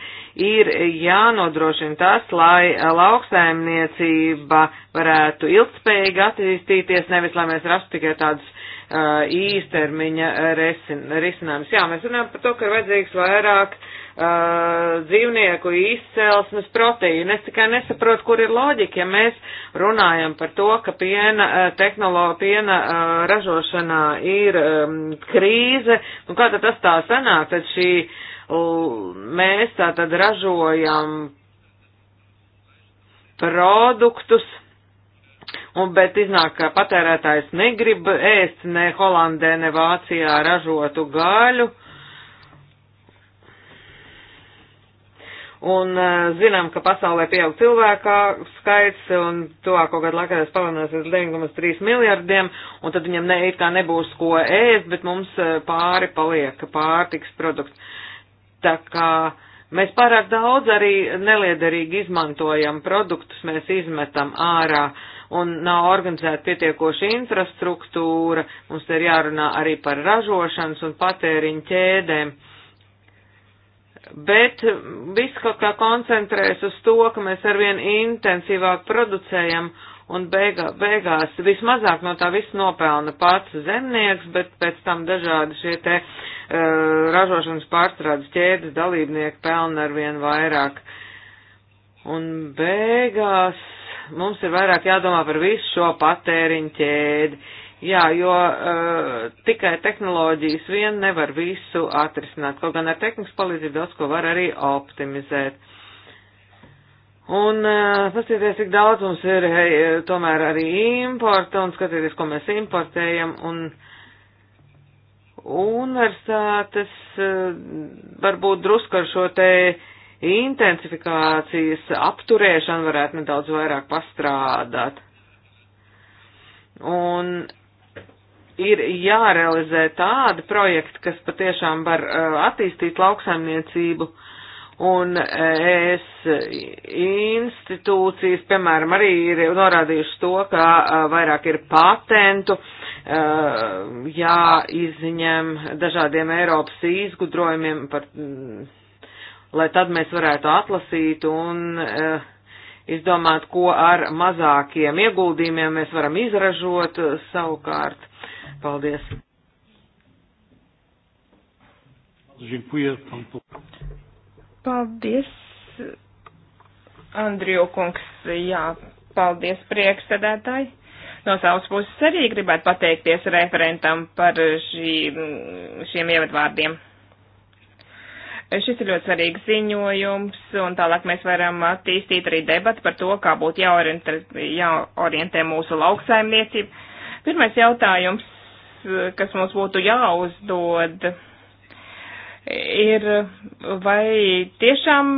ir jānodrošina tas, lai lauksaimniecība varētu ilgspējīgi attīstīties, nevis lai mēs rastu tikai tādus īstermiņa risinājums. Jā, mēs runājam par to, ka ir vajadzīgs vairāk uh, dzīvnieku izcelsmes proteīnu. Es tikai nesaprotu, kur ir loģika, ja mēs runājam par to, ka piena, tehnolo, piena uh, ražošanā ir um, krīze. Nu, kā tad tas tā sanāk? Tad šī, uh, mēs tā tad ražojam produktus Un, bet iznāk, ka patērētājs negrib ēst ne Holandē, ne Vācijā ražotu gaļu. Un e, zinām, ka pasaulē pieaug cilvēkā skaits un tuvāko gadu laikā tas palielināsies līdz 9,3 miljardiem, un tad viņam ne, it kā nebūs ko ēst, bet mums e, pāri paliek pārtiks produkts. Tā kā mēs pārāk daudz arī neliederīgi izmantojam produktus, mēs izmetam ārā. Uh, un nav organizēta pietiekoša infrastruktūra, mums te ir jārunā arī par ražošanas un patēriņu ķēdēm. Bet viss kaut kā koncentrējas uz to, ka mēs arvien intensīvāk producējam un beigā, beigās vismazāk no tā viss nopelna pats zemnieks, bet pēc tam dažādi šie te uh, ražošanas pārstrādes ķēdes dalībnieki pelna arvien vairāk. Un beigās mums ir vairāk jādomā par visu šo patēriņu ķēdi. Jā, jo uh, tikai tehnoloģijas vien nevar visu atrisināt, kaut gan ar tehnikas palīdzību daudz ko var arī optimizēt. Un uh, paskatieties, cik daudz mums ir hei, tomēr arī importa un skatieties, ko mēs importējam. Un, uh, universitātes eh, varbūt drusku ar šo te intensifikācijas apturēšana varētu nedaudz vairāk pastrādāt. Un ir jārealizē tādi projekti, kas patiešām var uh, attīstīt lauksaimniecību un uh, es uh, institūcijas, piemēram, arī ir norādījuši to, ka vairāk ir patentu, jāizņem dažādiem Eiropas izgudrojumiem par mm, lai tad mēs varētu atlasīt un uh, izdomāt, ko ar mazākiem ieguldījumiem mēs varam izražot uh, savukārt. Paldies! Paldies, Andriju kungs, jā, paldies priekšsēdētāji. No savas puses arī gribētu pateikties referentam par šī, šiem ievadvārdiem. Šis ir ļoti svarīgs ziņojums, un tālāk mēs varam attīstīt arī debatu par to, kā būtu jāorientē, jāorientē mūsu lauksaimniecība. Pirmais jautājums, kas mums būtu jāuzdod, ir, vai tiešām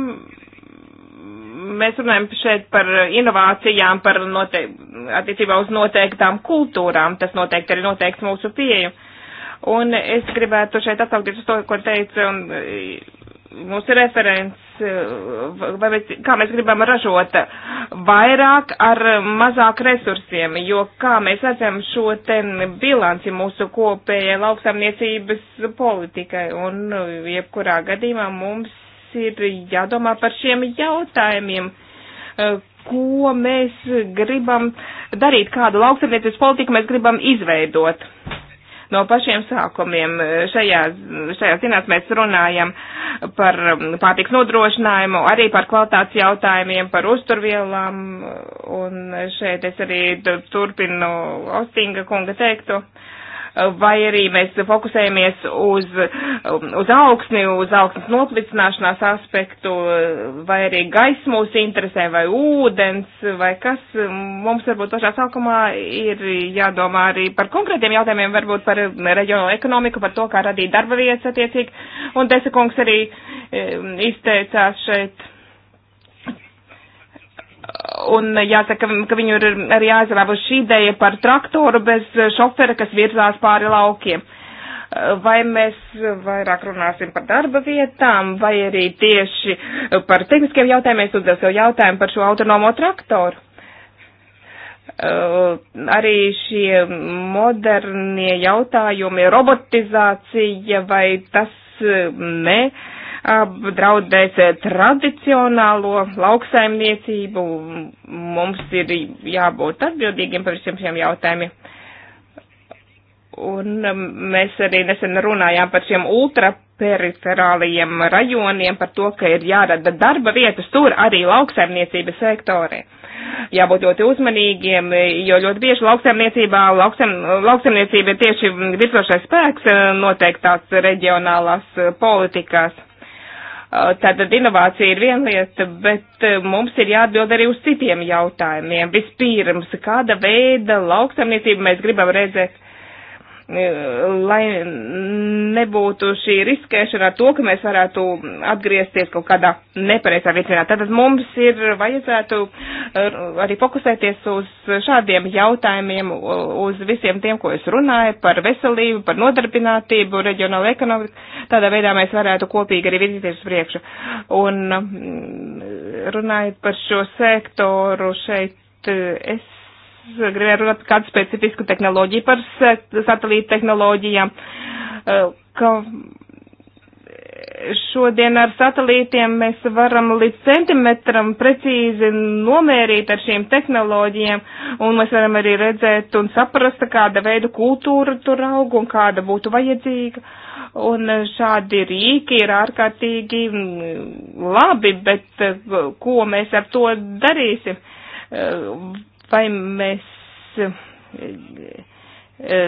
mēs runājam šeit par inovācijām, par noteik, attiecībā uz noteiktām kultūrām, tas noteikti arī noteikts mūsu pieeju. Un es gribētu šeit atsaukties uz to, ko teica un e, mūsu referents, e, vai mēs, kā mēs gribam ražot vairāk ar mazāk resursiem, jo kā mēs redzam šo te bilanci mūsu kopējai lauksamniecības politikai un jebkurā gadījumā mums ir jādomā par šiem jautājumiem, e, ko mēs gribam darīt, kādu lauksamniecības politiku mēs gribam izveidot no pašiem sākumiem. Šajā, šajā zinātnē mēs runājam par pārtiks nodrošinājumu, arī par kvalitātes jautājumiem, par uzturvielām, un šeit es arī turpinu Ostinga kunga teiktu. Uh, vai arī mēs fokusējamies uz, uz augsni, uz augsnes noplicināšanās aspektu, vai arī gaisa mūs interesē, vai ūdens, vai kas. Mums varbūt pašā sākumā ir jādomā arī par konkrētiem jautājumiem, varbūt par reģionālo ekonomiku, par to, kā radīt darba vietas attiecīgi. Un Desekungs arī eh, izteicās šeit Un jāsaka, ka viņu ir arī aizrāvuši šī ideja par traktoru bez šofera, kas virzās pāri laukiem. Vai mēs vairāk runāsim par darba vietām, vai arī tieši par tehniskiem jautājumiem, es uzdevu sev jautājumu par šo autonomo traktoru. Uh, arī šie modernie jautājumi, robotizācija vai tas uh, ne draudēs tradicionālo lauksaimniecību. Mums ir jābūt atbildīgiem par visiem šiem jautājumiem. Un um, mēs arī nesen runājām par šiem ultraperiferālajiem rajoniem, par to, ka ir jārada darba vietas tur arī lauksaimniecības sektorē. Jābūt ļoti uzmanīgiem, jo ļoti bieži lauksaimniecībā, lauksaim, lauksaimniecība ir tieši virzošais spēks uh, noteiktās reģionālās uh, politikās. Eh, tātad inovācija ir viena lieta, bet eh, mums ir jāatbild arī uz citiem jautājumiem. Vispirms, kāda veida lauksamniecību mēs gribam redzēt lai nebūtu šī riskēšana ar to, ka mēs varētu atgriezties kaut kādā nepareizā virzienā. Tātad mums ir vajadzētu eh, arī fokusēties uz šādiem jautājumiem, uz visiem tiem, ko es runāju, par veselību, par nodarbinātību, reģionālu ekonomiku. Tādā veidā mēs varētu kopīgi arī virzīties uz priekšu. Un mm, runājot par šo sektoru šeit, eh, es gribēju runāt par kādu specifisku tehnoloģiju, par satelīta tehnoloģijām. E, ka šodien ar satelītiem mēs varam līdz centimetram precīzi nomērīt ar šīm tehnoloģijām, un mēs varam arī redzēt un saprast, kāda veida kultūra tur aug un kāda būtu vajadzīga. Un šādi rīki ir ārkārtīgi labi, bet e, ko mēs ar to darīsim? E, vai mēs e, e,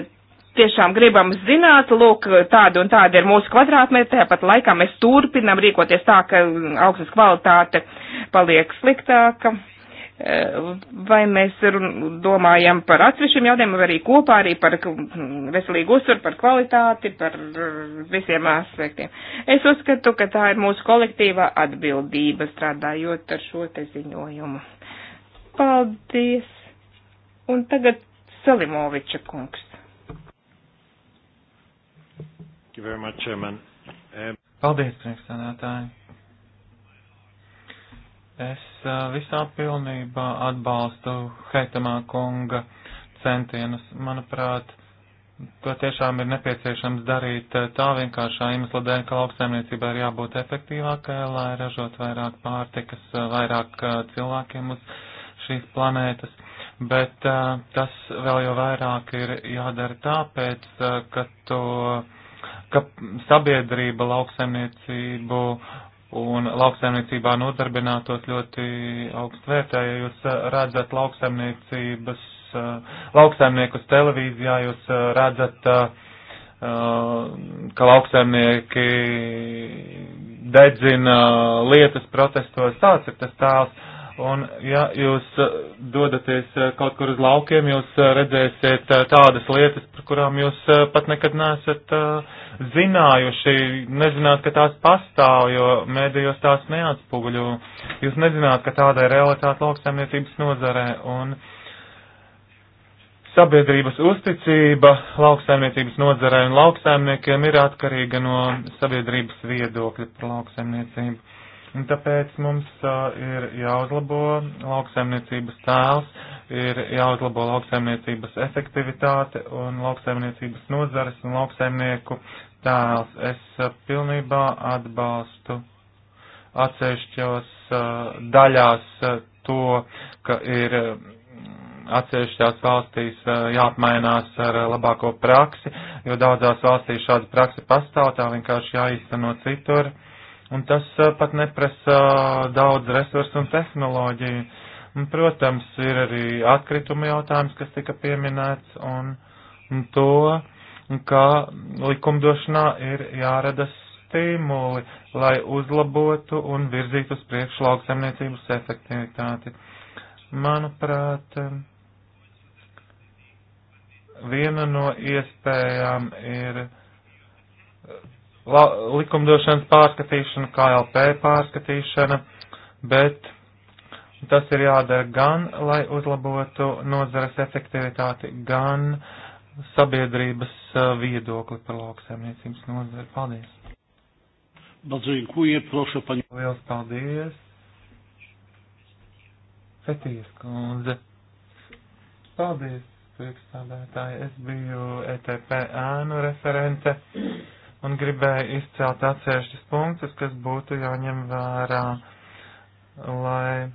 tiešām gribam zināt, lūk, tāda un tāda ir mūsu kvadrātmetri, tāpat laikā mēs turpinam rīkoties tā, ka augstas kvalitāte paliek sliktāka. E, vai mēs domājam par atsevišķiem jautājumiem, vai arī kopā, arī par veselīgu uzturu, par kvalitāti, par visiem aspektiem. Es uzskatu, ka tā ir mūsu kolektīvā atbildība strādājot ar šo te ziņojumu. Paldies. Un tagad Salimoviča kungs. Much, um, Paldies, priekšsēdētāji. Es uh, visā pilnībā atbalstu Heitamā kunga centienus. Manuprāt, to tiešām ir nepieciešams darīt uh, tā vienkāršā iemesla dēļ, ka lauksaimniecībā ir jābūt efektīvākai, lai ražot vairāk pārtikas, uh, vairāk cilvēkiem uz šīs planētas, bet uh, tas vēl jau vairāk ir jādara tāpēc, uh, ka, to, ka sabiedrība lauksaimniecību un lauksaimniecībā nodarbinātos ļoti augst vērtē, ja jūs redzat lauksaimniecības, uh, lauksaimniekus televīzijā, jūs uh, redzat, uh, ka lauksaimnieki dedzina lietas protestos, tāds ir tas tēls. Un, ja jūs uh, dodaties uh, kaut kur uz laukiem, jūs uh, redzēsiet tādas lietas, par kurām jūs pat nekad nesat zinājuši, nezināt, ka tās pastāv, jo mēdījos tās neatspoguļo. Jūs nezināt, ka tāda ir realitāte lauksaimniecības nozarē. Un sabiedrības uzticība lauksaimniecības nozarē un lauksaimniekiem ir atkarīga no sabiedrības viedokļa par lauksaimniecību Un tāpēc mums uh, ir jāuzlabo lauksaimniecības tēls, ir jāuzlabo lauksaimniecības efektivitāte un lauksaimniecības nozares un lauksaimnieku tēls. Es uh, pilnībā atbalstu atsevišķos uh, daļās uh, to, ka ir. Uh, atsevišķās valstīs jāapmainās ar labāko praksi, jo daudzās valstīs šāda praksa pastāv, tā vienkārši jāizteno citur. Uh, un tas uh, pat neprasa uh, daudz resursu un tehnoloģiju. Un, protams, ir arī atkrituma jautājums, kas tika pieminēts, un, un to, ka likumdošanā ir jārada stimuli, lai uzlabotu un virzītu uz priekšu lauksaimniecības efektivitāti. Manuprāt, um, viena no iespējām ir la, likumdošanas pārskatīšana, KLP pārskatīšana, bet tas ir jādara gan, lai uzlabotu nozares efektivitāti, gan sabiedrības uh, viedokli par lauksaimniecības nozari. Paldies! Bardzo dziękuję, proszę Pani. Liels paldies. Fetijas kundze. Paldies, priekšstādātāji. Es biju ETP ēnu referente un gribēju izcelt atsevišķus punktus, kas būtu jāņem vērā, lai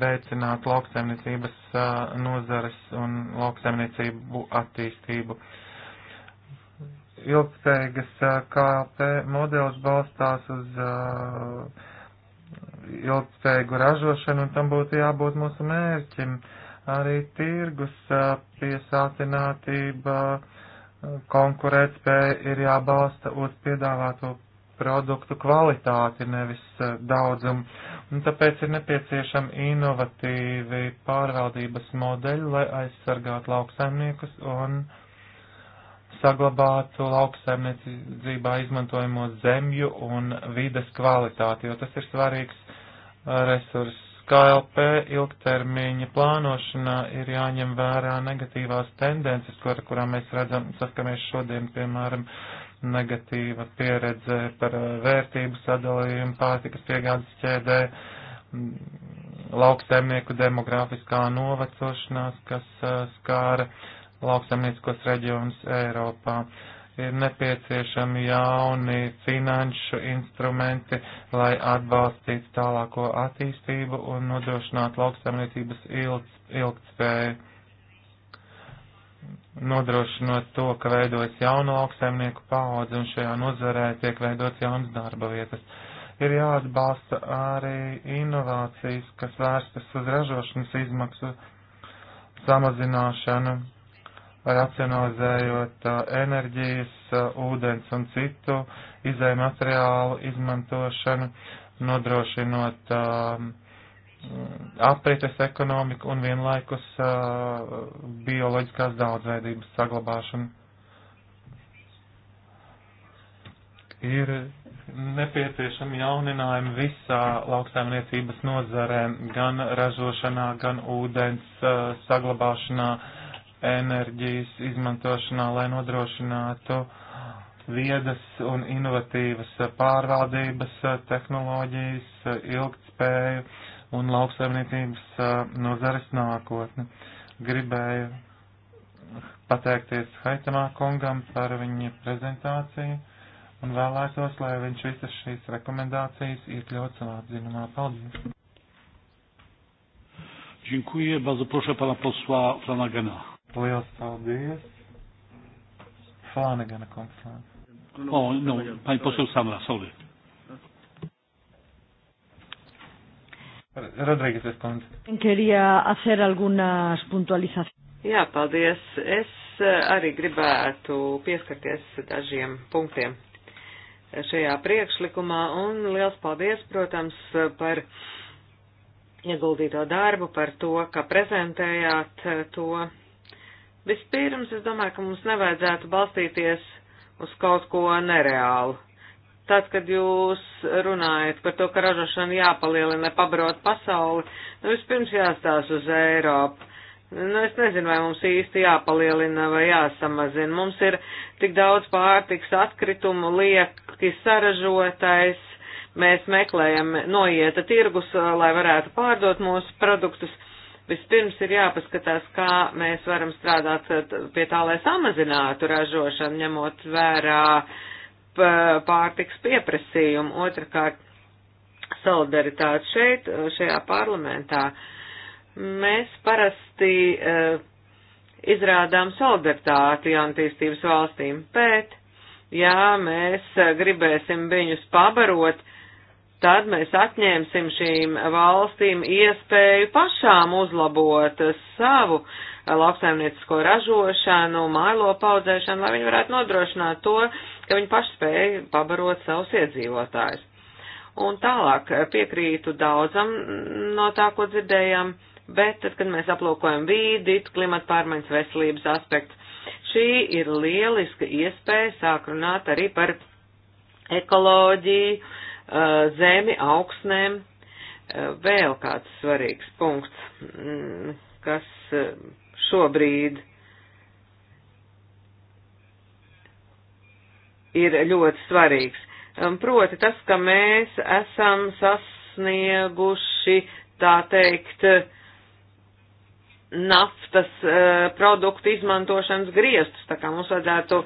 veicinātu lauksaimniecības nozares un lauksaimniecību attīstību. Ilgspējīgas KLP modelis balstās uz ilgspējīgu ražošanu, un tam būtu jābūt mūsu mērķim. Arī tirgus piesātinātība. Uh, konkurētspēja ir jābalsta uz piedāvāto produktu kvalitāti, nevis eh, daudzumu. Un tāpēc ir nepieciešami inovatīvi pārvaldības modeļi, lai aizsargātu lauksaimniekus un saglabātu lauksaimniecībā izmantojamo zemju un vides kvalitāti, jo tas ir svarīgs eh, resurs KLP ilgtermiņa plānošanā ir jāņem vērā negatīvās tendences, kur, kurām mēs redzam, saskamies šodien, piemēram, negatīva pieredze par uh, vērtību sadalījumu pārtikas piegādes ķēdē, lauksaimnieku demografiskā novecošanās, kas uh, skāra lauksaimnieciskos reģionus Eiropā. Uh, ir nepieciešami jauni finanšu instrumenti, lai atbalstītu tālāko attīstību un nodrošinātu lauksaimniecības ilgtspēju, nodrošinot to, ka veidojas jaunu lauksaimnieku paudze un šajā nozarē tiek veidots jaunas darba vietas. Ir jāatbalsta arī inovācijas, kas vērstas uz ražošanas izmaksu samazināšanu racionalizējot uh, enerģijas, uh, ūdens un citu izēju materiālu izmantošanu, nodrošinot um, aprites ekonomiku un vienlaikus uh, bioloģiskās daudzveidības saglabāšanu. Ir nepieciešami jauninājumi visā lauksaimniecības nozarē, gan ražošanā, gan ūdens saglabāšanā, uh, enerģijas izmantošanā, lai nodrošinātu viedas un inovatīvas pārvaldības tehnoloģijas, ilgtspēju un lauksaimniecības nozares nākotni. Gribēju pateikties Haitamā kungam par viņa prezentāciju un vēlētos, lai viņš visas šīs rekomendācijas iekļaut savā apzinumā. Paldies! Dziękuję. Bardzo proszę pana posła Flanagana. Liels paldies. Flānegana kungs. O, oh, no, pani poseł Samra, sorry. Rodrīgas Eskundze. Quería hacer algunas puntualizaciones. Jā, paldies. Es eh, arī gribētu pieskarties dažiem punktiem šajā priekšlikumā un liels paldies, protams, par ieguldīto darbu, par to, ka prezentējāt to Vispirms es domāju, ka mums nevajadzētu balstīties uz kaut ko nereālu. Tad, kad jūs runājat par to, ka ražošana jāpalielina, lai pabarot pasauli, nu vispirms jāstās uz Eiropu. Nu, es nezinu, vai mums īsti jāpalielina vai jāsamazina. Mums ir tik daudz pārtiks atkritumu, lieki saražotais, mēs meklējam noieta tirgus, lai varētu pārdot mūsu produktus Vispirms ir jāpaskatās, kā mēs varam strādāt pie tā, lai samazinātu ražošanu, ņemot vērā pārtiks pieprasījumu. Otrakārt, solidaritāte šeit, šajā parlamentā. Mēs parasti uh, izrādām solidaritāti antīstības valstīm, bet, ja mēs eh, gribēsim viņus pabarot, uh, tad mēs atņemsim šīm valstīm iespēju pašām uzlabot savu lauksaimniecisko ražošanu, mailo paudzēšanu, lai viņi varētu nodrošināt to, ka viņi paši spēj pabarot savus iedzīvotājus. Un tālāk piekrītu daudzam no tā, ko dzirdējām, bet tad, kad mēs aplūkojam vīdi, klimata pārmaiņas veselības aspektu, šī ir lieliska iespēja sāk runāt arī par ekoloģiju, Eh, zemi, augsnēm. Eh, vēl kāds svarīgs punkts, mm, kas eh, šobrīd ir ļoti svarīgs. Um, proti tas, ka mēs esam sasnieguši, tā teikt, uh, naftas e, produktu izmantošanas griestus, tā kā mums vajadzētu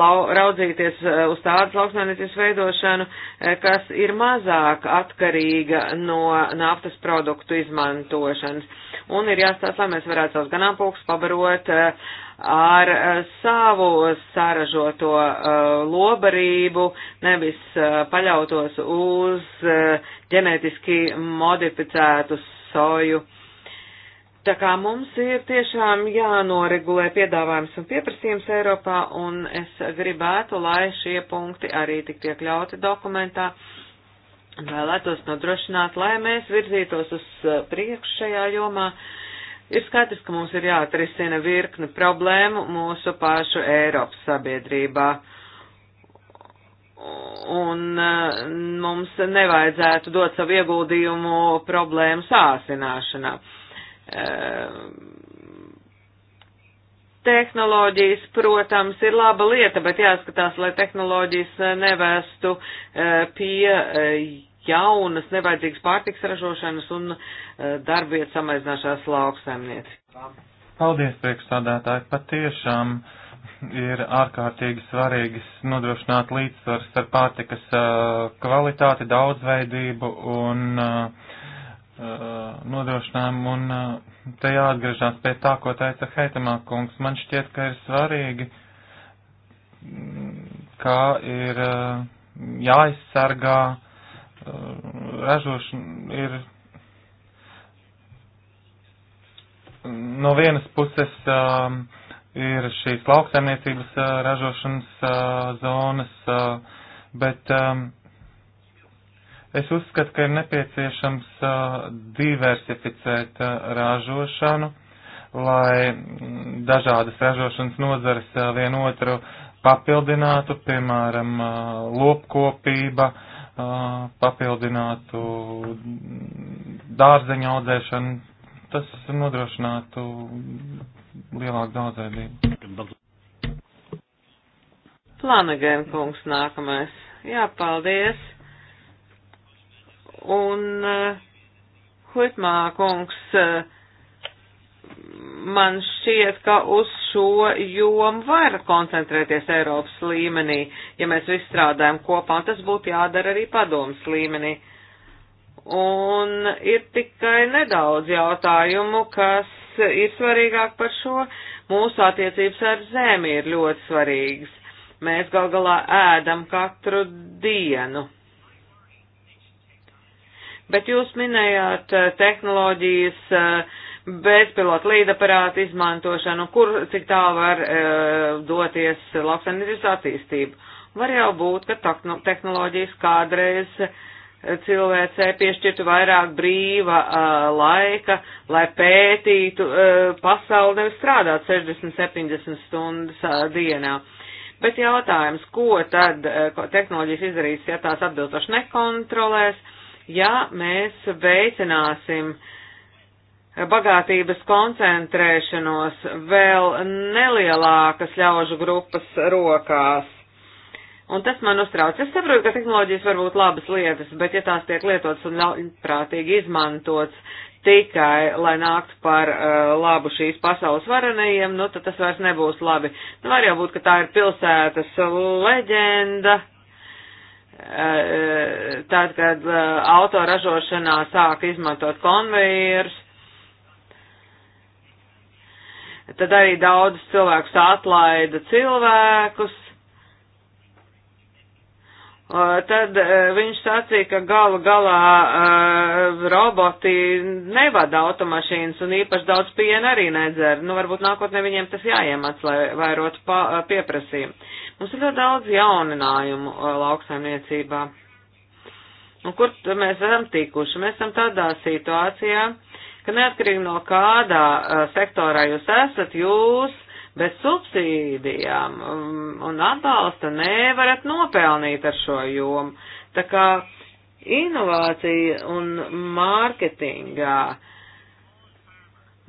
lau, raudzīties e, uz tādu lauksmēnesīs veidošanu, e, kas ir mazāk atkarīga no naftas produktu izmantošanas. Un ir jāstāsta, lai mēs varētu savus ganāmpūkus pabarot e, ar e, savu sāražoto e, lobarību, nevis paļautos uz ģenētiski modificētu soju Tā kā mums ir tiešām jānoregulē piedāvājums un pieprasījums Eiropā, un es gribētu, lai šie punkti arī tik tiek ļauti dokumentā, vēlētos nodrošināt, lai mēs virzītos uz eh, priekšu šajā jomā. Ir skaidrs, ka mums ir jāatrisina virkni problēmu mūsu pašu Eiropas sabiedrībā un eh, mums nevajadzētu dot savu ieguldījumu problēmu sāsināšanā. Ehm, tehnoloģijas, protams, ir laba lieta, bet jāskatās, lai tehnoloģijas eh, nevestu eh, pie eh, jaunas, nevajadzīgas pārtiks ražošanas un darbvietas samazināšanās lauksaimniecībā. Paldies, priekšstādātāji, patiešām ir ārkārtīgi svarīgi nodrošināt līdzsvars ar pārtikas kvalitāti, daudzveidību un uh, Uh, nodrošinājumu, un uh, te jāatgriežās pie tā, ko teica Heitamā kungs. Man šķiet, ka ir svarīgi, mm, kā ir uh, jāaizsargā ražošana, ir no vienas puses um, ir šīs lauksaimniecības ražošanas zonas, bet um, Es uzskatu, ka ir nepieciešams diversificēt ražošanu, lai mm, dažādas ražošanas nozares vienotru papildinātu, piemēram, lopkopība, papildinātu mm, dārzeņu audzēšanu. Tas nodrošinātu lielāku daudzveidību. Planagēna kungs nākamais. Jā, paldies! Un uh, Huitmā kungs, uh, man šķiet, ka uz šo jomu var koncentrēties Eiropas līmenī, ja mēs visi strādājam kopā, un tas būtu jādara arī padomas līmenī. Un ir tikai nedaudz jautājumu, kas ir svarīgāk par šo. Mūsu attiecības ar zemi ir ļoti svarīgas. Mēs gal galā ēdam katru dienu. Bet jūs minējāt eh, tehnoloģijas, eh, bezpilota līdaparāta izmantošanu, kur cik tālu var eh, doties lauksainības attīstību. Var jau būt, ka tehnoloģijas kādreiz cilvēcei piešķirtu vairāk brīva laika, lai pētītu pasauli, nevis strādāt 60-70 stundas dienā. Bet jautājums, ko tad tehnoloģijas izdarīs, ja tās atbilstoši nekontrolēs? Ja mēs veicināsim bagātības koncentrēšanos vēl nelielākas ļaužu grupas rokās, Un tas man uztrauc. Es saprotu, ka tehnoloģijas var būt labas lietas, bet ja tās tiek lietotas un ļaunprātīgi izmantots tikai, lai nāktu par uh, labu šīs pasaules varenajiem, nu tad tas vairs nebūs labi. Nu, var jau būt, ka tā ir pilsētas leģenda, tad, kad uh, autoražošanā sāk izmantot konvejers, tad arī daudz cilvēkus atlaida cilvēkus. Uh, tad uh, viņš sacīja, ka gala galā roboti nevada automašīnas un īpaši daudz piena arī nedzer. Nu, varbūt nākotnē viņiem tas jāiemāc, lai vairotu pieprasījumu. Mums ir ļoti daudz jauninājumu uh, lauksaimniecībā. Un kur mēs esam tikuši? Mēs esam tādā situācijā, ka neatkarīgi no kādā uh, sektorā jūs esat, jūs bez subsīdijām um, un atbalsta nevarat nopelnīt ar šo jomu. Tā kā inovācija un mārketingā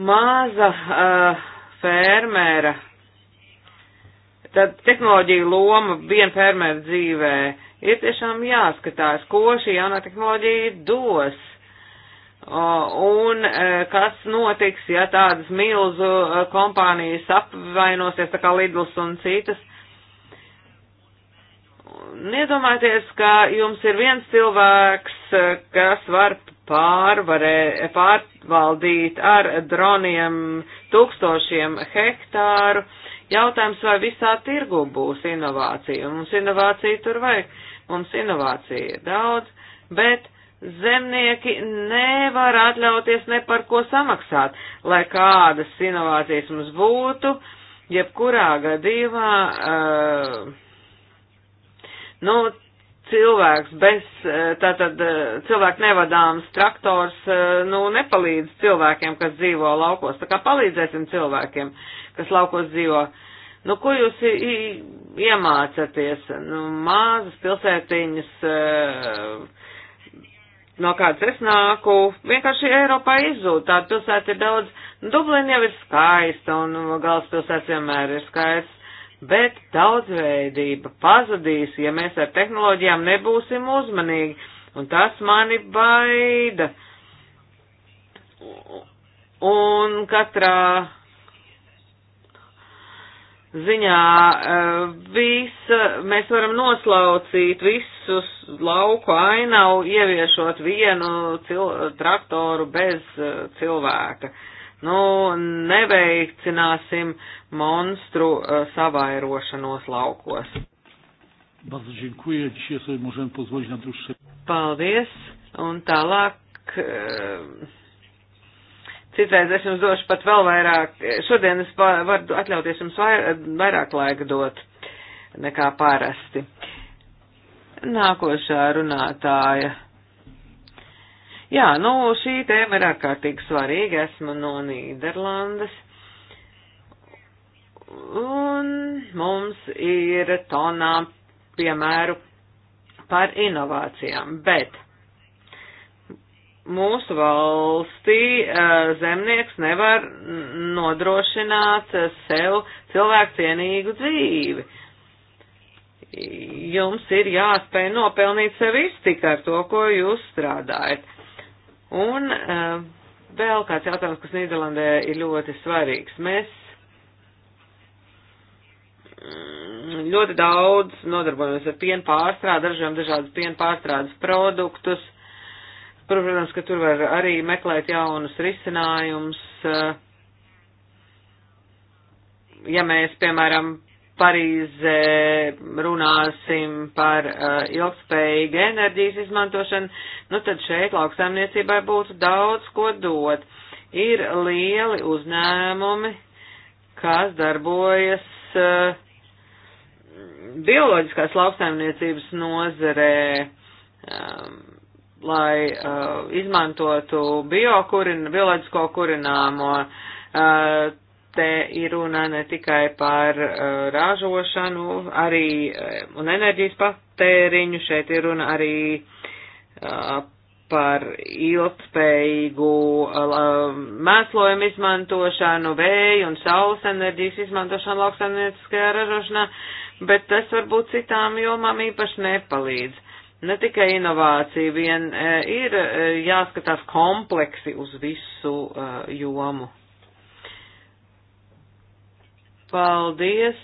maza uh, fermēra Tad tehnoloģija loma vien fermeru dzīvē ir tiešām jāskatās, ko šī jaunā tehnoloģija dos. Un e, kas notiks, ja tādas milzu e, kompānijas apvainosies, tā kā Lidls un citas, iedomājieties, ka jums ir viens cilvēks, e, kas var pārvarē, pārvaldīt ar droniem tūkstošiem hektāru, Jautājums, vai visā tirgu būs inovācija, un mums inovācija tur vajag, mums inovācija ir daudz, bet zemnieki nevar atļauties ne par ko samaksāt, lai kādas inovācijas mums būtu, jebkurā gadījumā, uh, nu, cilvēks bez, eh, tātad eh, cilvēku nevadāms traktors, nu, nepalīdz cilvēkiem, kas dzīvo laukos, tā kā palīdzēsim cilvēkiem. Uh, kas laukos dzīvo. Nu, ko jūs iemācaties? Nu, mazas pilsētiņas, eh, no kādas es nāku, vienkārši Eiropā izzūd. Tā pilsēta ir daudz, nu, Dublina jau ir skaista un galvaspilsēta vienmēr ir skaista, bet daudzveidība pazudīs, ja mēs ar tehnoloģijām nebūsim uzmanīgi, un tas mani baida. Un katrā ziņā e, visa, mēs varam noslaucīt visus lauku ainavu, ieviešot vienu cil, traktoru bez e, cilvēka. Nu, neveicināsim monstru e, savairošanos laukos. Paldies, un tālāk Citreiz es jums došu pat vēl vairāk. Šodien es varu atļauties jums vairāk laika dot nekā parasti. Nākošā runātāja. Jā, nu šī tēma ir ārkārtīgi svarīga. Esmu no Nīderlandes. Un mums ir tonām piemēru par inovācijām, bet mūsu valstī zemnieks nevar nodrošināt sev cilvēkcienīgu dzīvi. Jums ir jāspēj nopelnīt sev iztika ar to, ko jūs strādājat. Un vēl kāds jautājums, kas Nīderlandē ir ļoti svarīgs. Mēs mm, ļoti daudz nodarbojamies ar piena pārstrādi, dažiem dažādas piena pārstrādes produktus Protams, ka tur var arī meklēt jaunus risinājumus. Eh, ja mēs, piemēram, Parīzē runāsim par uh, ilgspējīgu enerģijas izmantošanu, nu tad šeit lauksaimniecībai būtu daudz ko dot. Ir lieli uzņēmumi, kas darbojas uh, bioloģiskās lauksaimniecības nozerē. Um, lai uh, izmantotu biokurina, bioloģisko kurināmo. Uh, te ir runa ne tikai par uh, ražošanu, arī uh, un enerģijas patēriņu, šeit ir runa arī uh, par ilgspējīgu uh, mēslojumu izmantošanu, vēju un saules enerģijas izmantošanu lauksaimnieciskajā ražošanā, bet tas varbūt citām jomām īpaši nepalīdz ne tikai inovācija, vien e, ir e, jāskatās kompleksi uz visu e, jomu. Paldies!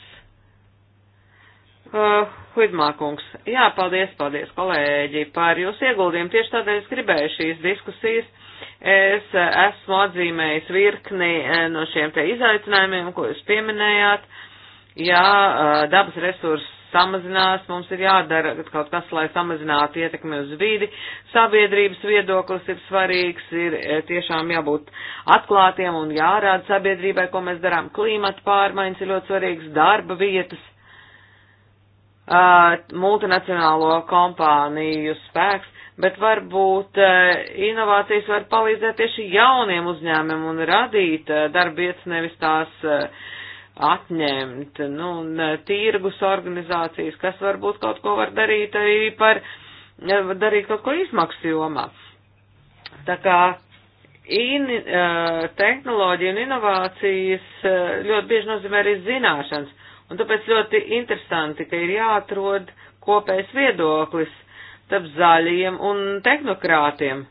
Uh, Huidmākungs, jā, paldies, paldies, kolēģi, par jūsu ieguldījumu. Tieši tādēļ es gribēju šīs diskusijas. Es esmu atzīmējis virkni no šiem te izaicinājumiem, ko jūs pieminējāt. Jā, dabas resursu samazinās, mums ir jādara kaut kas, lai samazinātu ietekmi uz vidi. Sabiedrības viedoklis ir svarīgs, ir e, tiešām jābūt atklātiem un jārāda sabiedrībai, ko mēs darām. Klimata pārmaiņas ir ļoti svarīgs, darba vietas, multinacionālo kompāniju spēks. Bet varbūt e, inovācijas var palīdzēt tieši jauniem uzņēmumiem un radīt e, darbietas nevis tās uh, atņemt, nu, un tirgus organizācijas, kas varbūt kaut ko var darīt arī par, darīt kaut ko izmaksu jomā. Tā kā in, tehnoloģija un inovācijas ļoti bieži nozīmē arī zināšanas, un tāpēc ļoti interesanti, ka ir jāatrod kopējs viedoklis starp zaļiem un tehnokrātiem.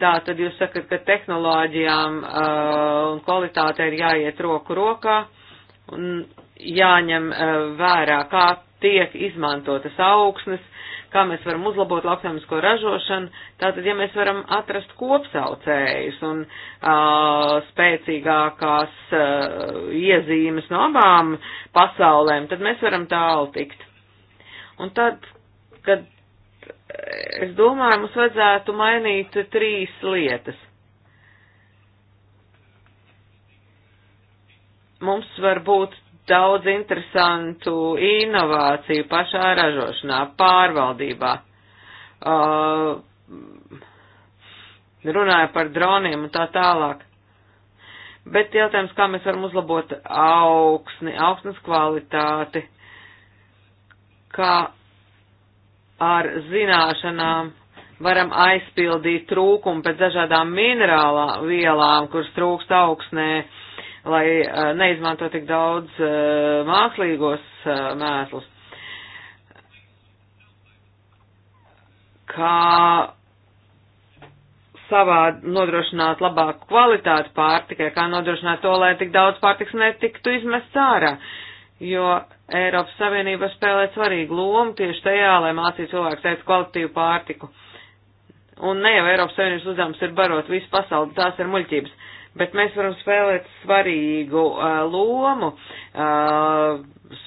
Tā tad jūs sakat, ka tehnoloģijām uh, un kvalitātei ir jāiet roku rokā, un jāņem eh, vērā, kā tiek izmantotas augsnes, kā mēs varam uzlabot lauksaimnisko ražošanu, tātad, ja mēs varam atrast kopsaucējus un uh, spēcīgākās uh, iezīmes no abām pasaulēm, tad mēs varam tālu tikt. Un tad, kad es domāju, mums vajadzētu mainīt trīs lietas. mums var būt daudz interesantu inovāciju pašā ražošanā, pārvaldībā. Uh, runāja par droniem un tā tālāk. Bet jautājums, kā mēs varam uzlabot augsni, augsnes kvalitāti, kā ar zināšanām varam aizpildīt trūkumu pēc dažādām minerālām vielām, kuras trūkst augsnē, uh, lai neizmanto tik daudz mākslīgos mēslus. Kā savā nodrošināt labāku kvalitāti pārtikai, kā nodrošināt to, lai tik daudz pārtiks netiktu izmests ārā. Jo Eiropas Savienība spēlē svarīgu lomu tieši tajā, lai mācītu cilvēku teikt kvalitīvu pārtiku. Un ne jau Eiropas Savienības uzdevums ir barot visu pasauli, tās ir muļķības bet mēs varam spēlēt svarīgu uh, lomu, uh,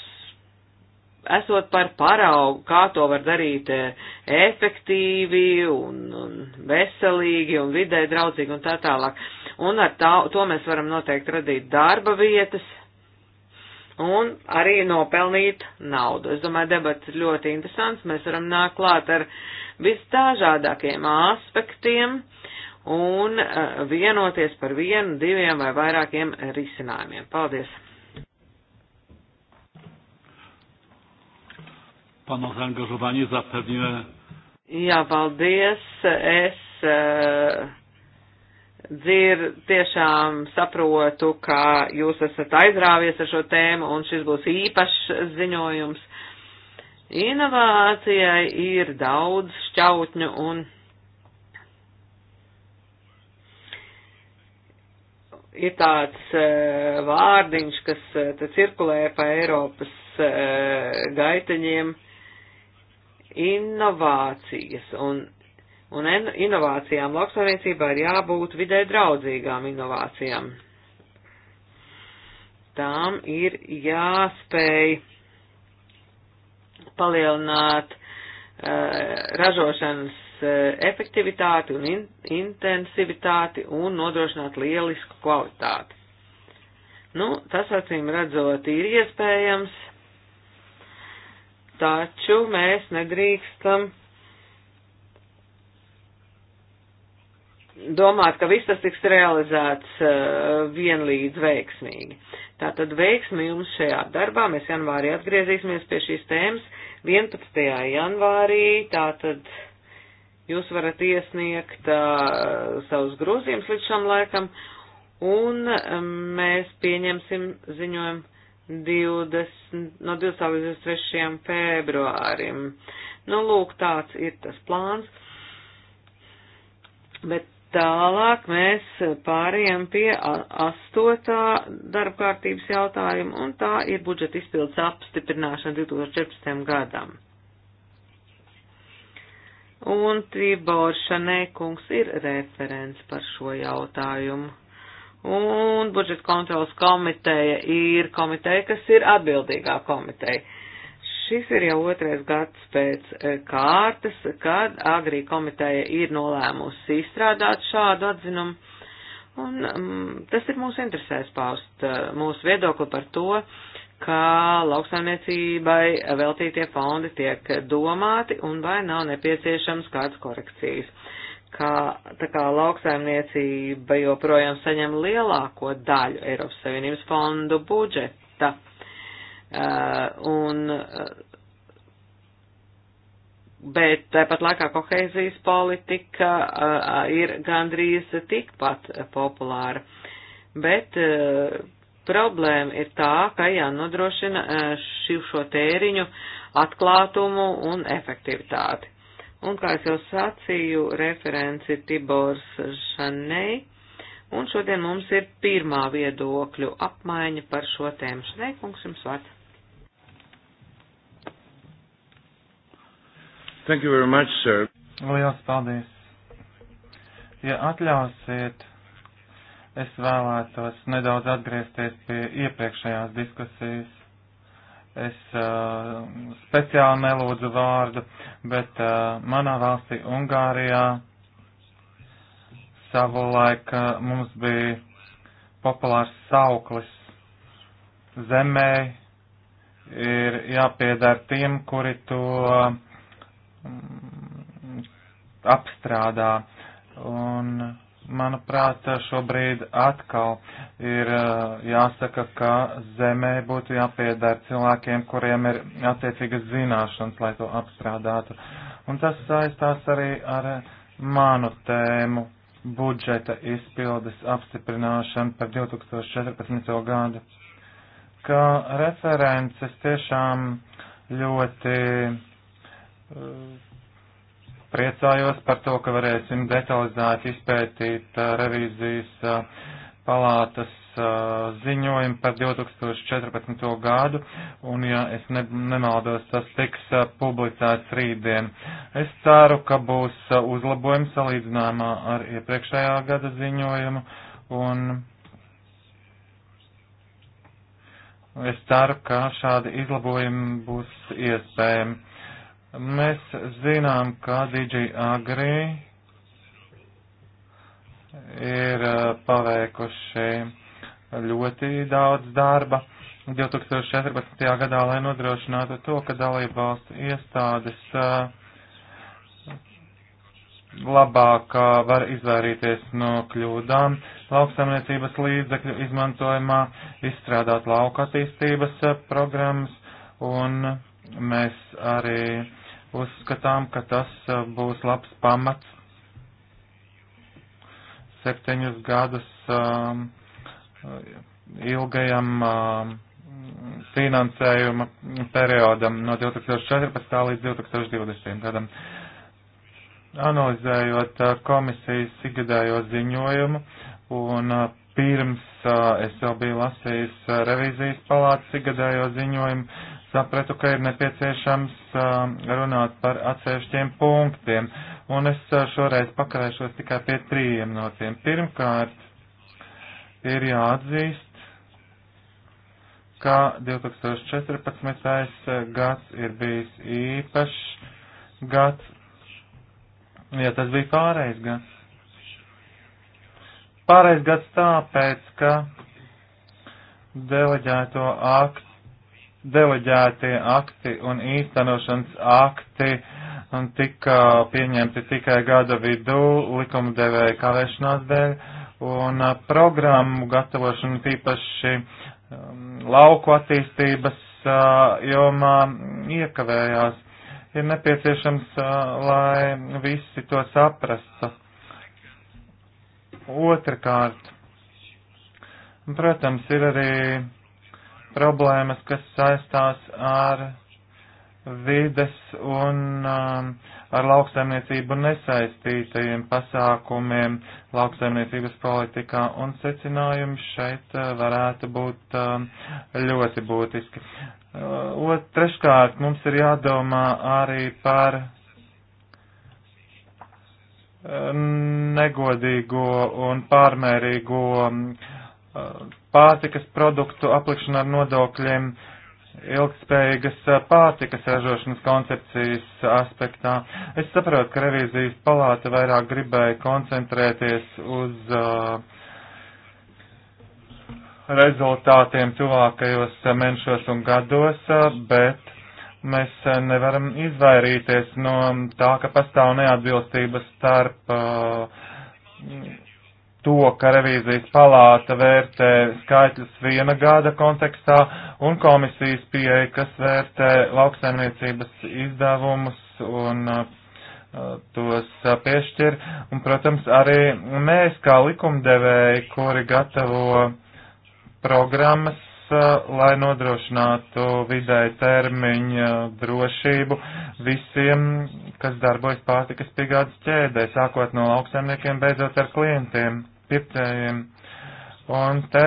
esot par paraugu, kā to var darīt uh, efektīvi un, un veselīgi un vidē draudzīgi un tā tālāk. Un ar tā, to mēs varam noteikti radīt darba vietas, un arī nopelnīt naudu. Es domāju, debats ir ļoti interesants. Mēs varam nākt klāt ar visdažādākajiem aspektiem, un eh, vienoties par vienu, diviem vai vairākiem risinājumiem. Paldies! Pano zaangažovanie zapewne. Jā, paldies. Es uh, dzir, tiešām saprotu, ka jūs esat aizrāvies ar šo tēmu un šis būs īpašs ziņojums. Inovācijai ir daudz šķautņu un ir tāds uh, vārdiņš, kas uh, cirkulē pa Eiropas uh, gaiteņiem - inovācijas. Un, un en, inovācijām lauksaimniecībā ir jābūt vidē draudzīgām inovācijām. Tām ir jāspēj palielināt uh, ražošanas E, efektivitāti un in intensivitāti un nodrošināt lielisku kvalitāti. Nu, tas acīm redzot ir iespējams, taču mēs nedrīkstam domāt, ka viss tas tiks realizēts uh, vienlīdz veiksmīgi. Tātad veiksmi jums šajā darbā, mēs janvārī atgriezīsimies pie šīs tēmas 11. janvārī, tātad Jūs varat iesniegt uh, savus grozījumus līdz šam laikam, un um, mēs pieņemsim ziņojumu 20, no 20. līdz 23. februārim. Nu, lūk, tāds ir tas plāns. Bet Tālāk mēs pārējām pie astotā darba kārtības jautājuma, un tā ir budžeta izpildes apstiprināšana 2014. gadam un Tibor Šanēkungs ir referents par šo jautājumu. Un budžeta kontrolas komiteja ir komiteja, kas ir atbildīgā komiteja. Šis ir jau otrais gads pēc eh, kārtas, kad agrī komiteja ir nolēmusi izstrādāt šādu atzinumu. Un um, tas ir mūsu interesēs paust uh, mūsu viedokli par to, uh, kā lauksaimniecībai veltītie fondi tiek domāti un vai nav nepieciešams kādas korekcijas. Kā, tā kā lauksaimniecība joprojām saņem lielāko daļu Eiropas Savienības fondu budžeta. Uh, un, uh, bet tāpat laikā kohēzijas politika uh, ir gandrīz tikpat populāra. Bet uh, Problēma ir tā, ka jānodrošina e, šī, šo tēriņu atklātumu un efektivitāti. Un, kā es jau sacīju, referents ir Tibors Šanei, un šodien mums ir pirmā viedokļu apmaiņa par šo tēmu. Šanei, kungs, jums vārds. Thank you very much, sir. Lielas paldies. Ja atļausiet, Es vēlētos nedaudz atgriezties pie iepriekšējās diskusijas. Es uh, speciāli nelūdzu vārdu, bet uh, manā valstī Ungārijā savulaik uh, mums bija populārs sauklis zemē ir jāpiedara tiem, kuri to um, apstrādā. Un, uh, manuprāt, šobrīd atkal ir jāsaka, ka zemē būtu jāpiedara cilvēkiem, kuriem ir attiecīgas zināšanas, lai to apstrādātu. Un tas saistās arī ar manu tēmu budžeta izpildes apstiprināšanu par 2014. gadu, ka references tiešām ļoti Priecājos par to, ka varēsim detalizēt izpētīt uh, revīzijas uh, palātas uh, ziņojumu par 2014. gadu, un, ja es ne, nemaldos, tas tiks publicēts rītdien. Es ceru, ka būs uzlabojums salīdzinājumā ar iepriekšējā gada ziņojumu, un es ceru, ka šādi izlabojumi būs iespējami. Mēs zinām, ka DJ Agri ir uh, paveikuši ļoti daudz darba 2014. gadā, lai nodrošinātu to, ka dalību valstu iestādes uh, labāk uh, var izvairīties no kļūdām lauksaimniecības līdzekļu izmantojumā, izstrādāt lauka attīstības programmas, un mēs arī Uzskatām, ka tas e, būs labs pamats septiņus gadus um, ilgajam um, finansējuma periodam no 2014. līdz 2020. gadam. Analizējot komisijas ikgadējo ziņojumu un pirms es jau biju lasījis revīzijas palātas ikgadējo ziņojumu, sapratu, ka ir nepieciešams um, runāt par atsevišķiem punktiem, un es uh, šoreiz pakarēšos tikai pie trījiem no tiem. Pirmkārt, ir jāatzīst, ka 2014. Uh, gads ir bijis īpašs gads, ja tas bija pārējais gads. Pārējais gads tāpēc, ka deleģēto aktu deleģētie akti un īstenošanas akti un tika pieņemti tikai gada vidū likumdevēja kavēšanās dēļ, un programmu gatavošana tīpaši um, lauku attīstības uh, jomā iekavējās. Ir nepieciešams, uh, lai visi to saprastu. Otrakārt, protams, ir arī problēmas, kas saistās ar vides un um, ar lauksaimniecību nesaistītajiem pasākumiem lauksaimniecības politikā, un secinājumi šeit uh, varētu būt um, ļoti būtiski. Uh, o, treškārt, mums ir jādomā arī par uh, negodīgo un pārmērīgo um, pārtikas produktu aplikšana ar nodokļiem ilgspējīgas pārtikas ražošanas koncepcijas aspektā. Es saprotu, ka revīzijas palāta vairāk gribēja koncentrēties uz uh, rezultātiem tuvākajos mēnešos un gados, bet mēs nevaram izvairīties no tā, ka pastāv neatbilstība starp uh, to, ka revīzijas palāta vērtē skaitļus viena gada kontekstā un komisijas pieeja, kas vērtē lauksaimniecības izdevumus un uh, tos uh, piešķir. Un, protams, arī mēs kā likumdevēji, kuri gatavo programmas, uh, lai nodrošinātu vidēji termiņa drošību visiem, kas darbojas pārtikas piegādes ķēdē, sākot no lauksaimniekiem, beidzot ar klientiem pircējiem. Un te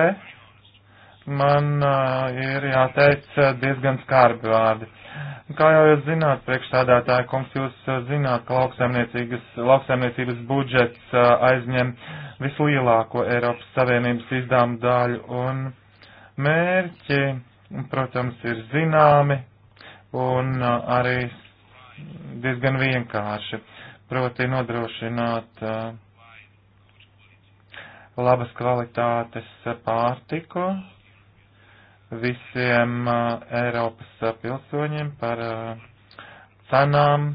man uh, ir jāteic diezgan skarbi vārdi. Kā jau jūs zināt, priekšstādātāji, kungs, jūs zināt, ka lauksaimniecības budžets uh, aizņem vislielāko Eiropas Savienības izdāmu daļu, un mērķi, protams, ir zināmi un uh, arī diezgan vienkārši, proti nodrošināt uh, labas kvalitātes pārtiku visiem Eiropas pilsoņiem par cenām,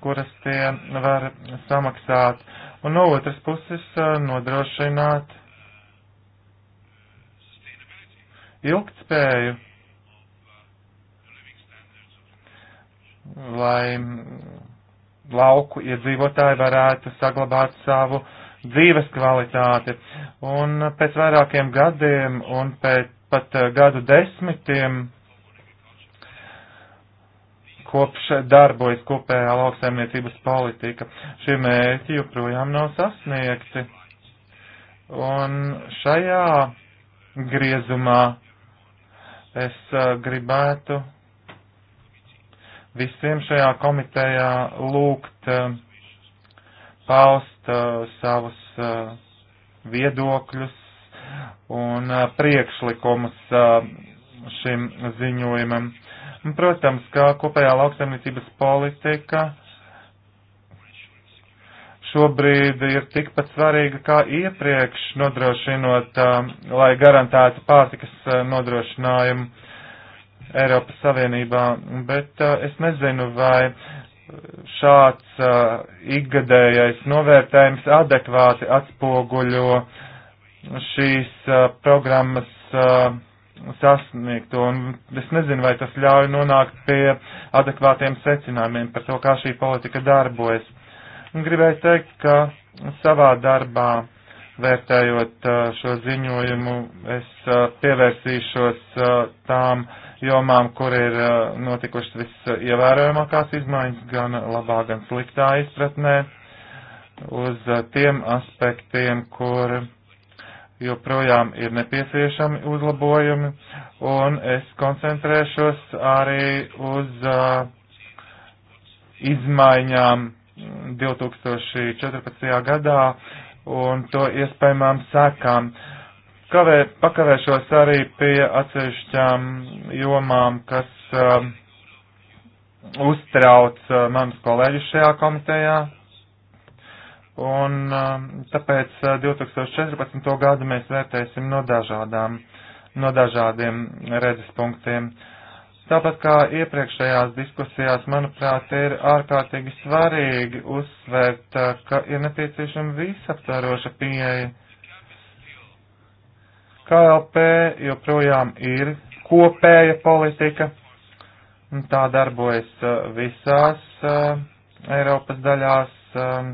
kuras tie var samaksāt, un no otras puses nodrošināt ilgtspēju, lai lauku iedzīvotāji varētu saglabāt savu uh, dzīves kvalitāti. Un pēc vairākiem gadiem un pēc pat eh, gadu desmitiem kopš darbojas kopējā lauksaimniecības politika. Šie mērķi joprojām nav sasniegti. Un šajā griezumā es eh, gribētu visiem šajā komitejā lūgt uh, paust uh, savus uh, viedokļus un uh, priekšlikumus uh, šim ziņojumam. Un, protams, kā kopējā lauksaimniecības politika šobrīd ir tikpat svarīga kā iepriekš nodrošinot, uh, lai garantētu pārtikas uh, nodrošinājumu Eiropas Savienībā, bet uh, es nezinu, vai šāds uh, ikgadējais novērtējums adekvāti atspoguļo šīs uh, programmas uh, sasniegto, un es nezinu, vai tas ļauj nonākt pie adekvātiem secinājumiem par to, kā šī politika darbojas. Un gribēju teikt, ka savā darbā, vērtējot uh, šo ziņojumu, es uh, pievērsīšos uh, tām jomām, kur ir uh, notikušas visievērojamākās izmaiņas, gan labā, gan sliktā izpratnē, uz uh, tiem aspektiem, kur joprojām ir nepieciešami uzlabojumi, un es koncentrēšos arī uz uh, izmaiņām 2014. gadā un to iespējamām sekām. Uh, kavē, pakavēšos arī pie atsevišķām jomām, kas uh, uztrauc uh, manus kolēģus šajā komitejā. Un um, uh, tāpēc 2014. gadu mēs vērtēsim no dažādām, no dažādiem redzes punktiem. Tāpat kā iepriekšējās diskusijās, manuprāt, ir ārkārtīgi svarīgi uzsvērt, uh, ka ir nepieciešama visaptvaroša pieeja KLP joprojām ir kopēja politika, un tā darbojas uh, visās uh, Eiropas daļās, um,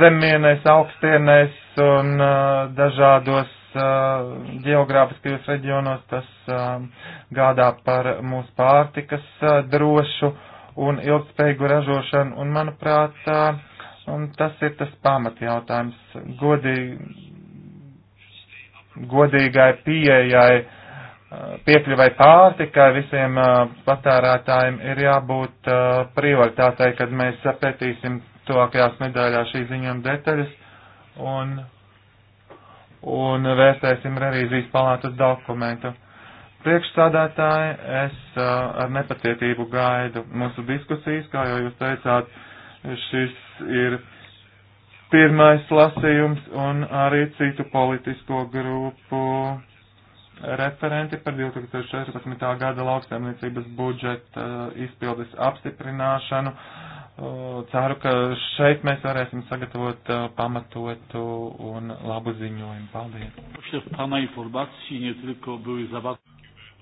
zemienēs, augstienēs un uh, dažādos uh, geogrāfiskajos reģionos. Tas um, gādā par mūsu pārtikas uh, drošu un ilgspējīgu ražošanu, un manuprāt, uh, un tas ir tas pamatjautājums. Godīgi godīgai pieejai, eh, piekļuvai pārtikai visiem eh, patērētājiem ir jābūt eh, prioritātei, kad mēs pētīsim tuvākajās nedēļās šī ziņojuma detaļas un, un vērtēsim revīzijas palātas dokumentu. Priekšstādātāji, es ar nepacietību gaidu mūsu diskusijas, kā jau jūs teicāt, šis ir pirmais lasījums un arī citu politisko grupu referenti par 2014. gada lauksaimniecības budžeta uh, izpildes apstiprināšanu. Uh, ceru, ka šeit mēs varēsim sagatavot uh, pamatotu un labu ziņojumu. Paldies!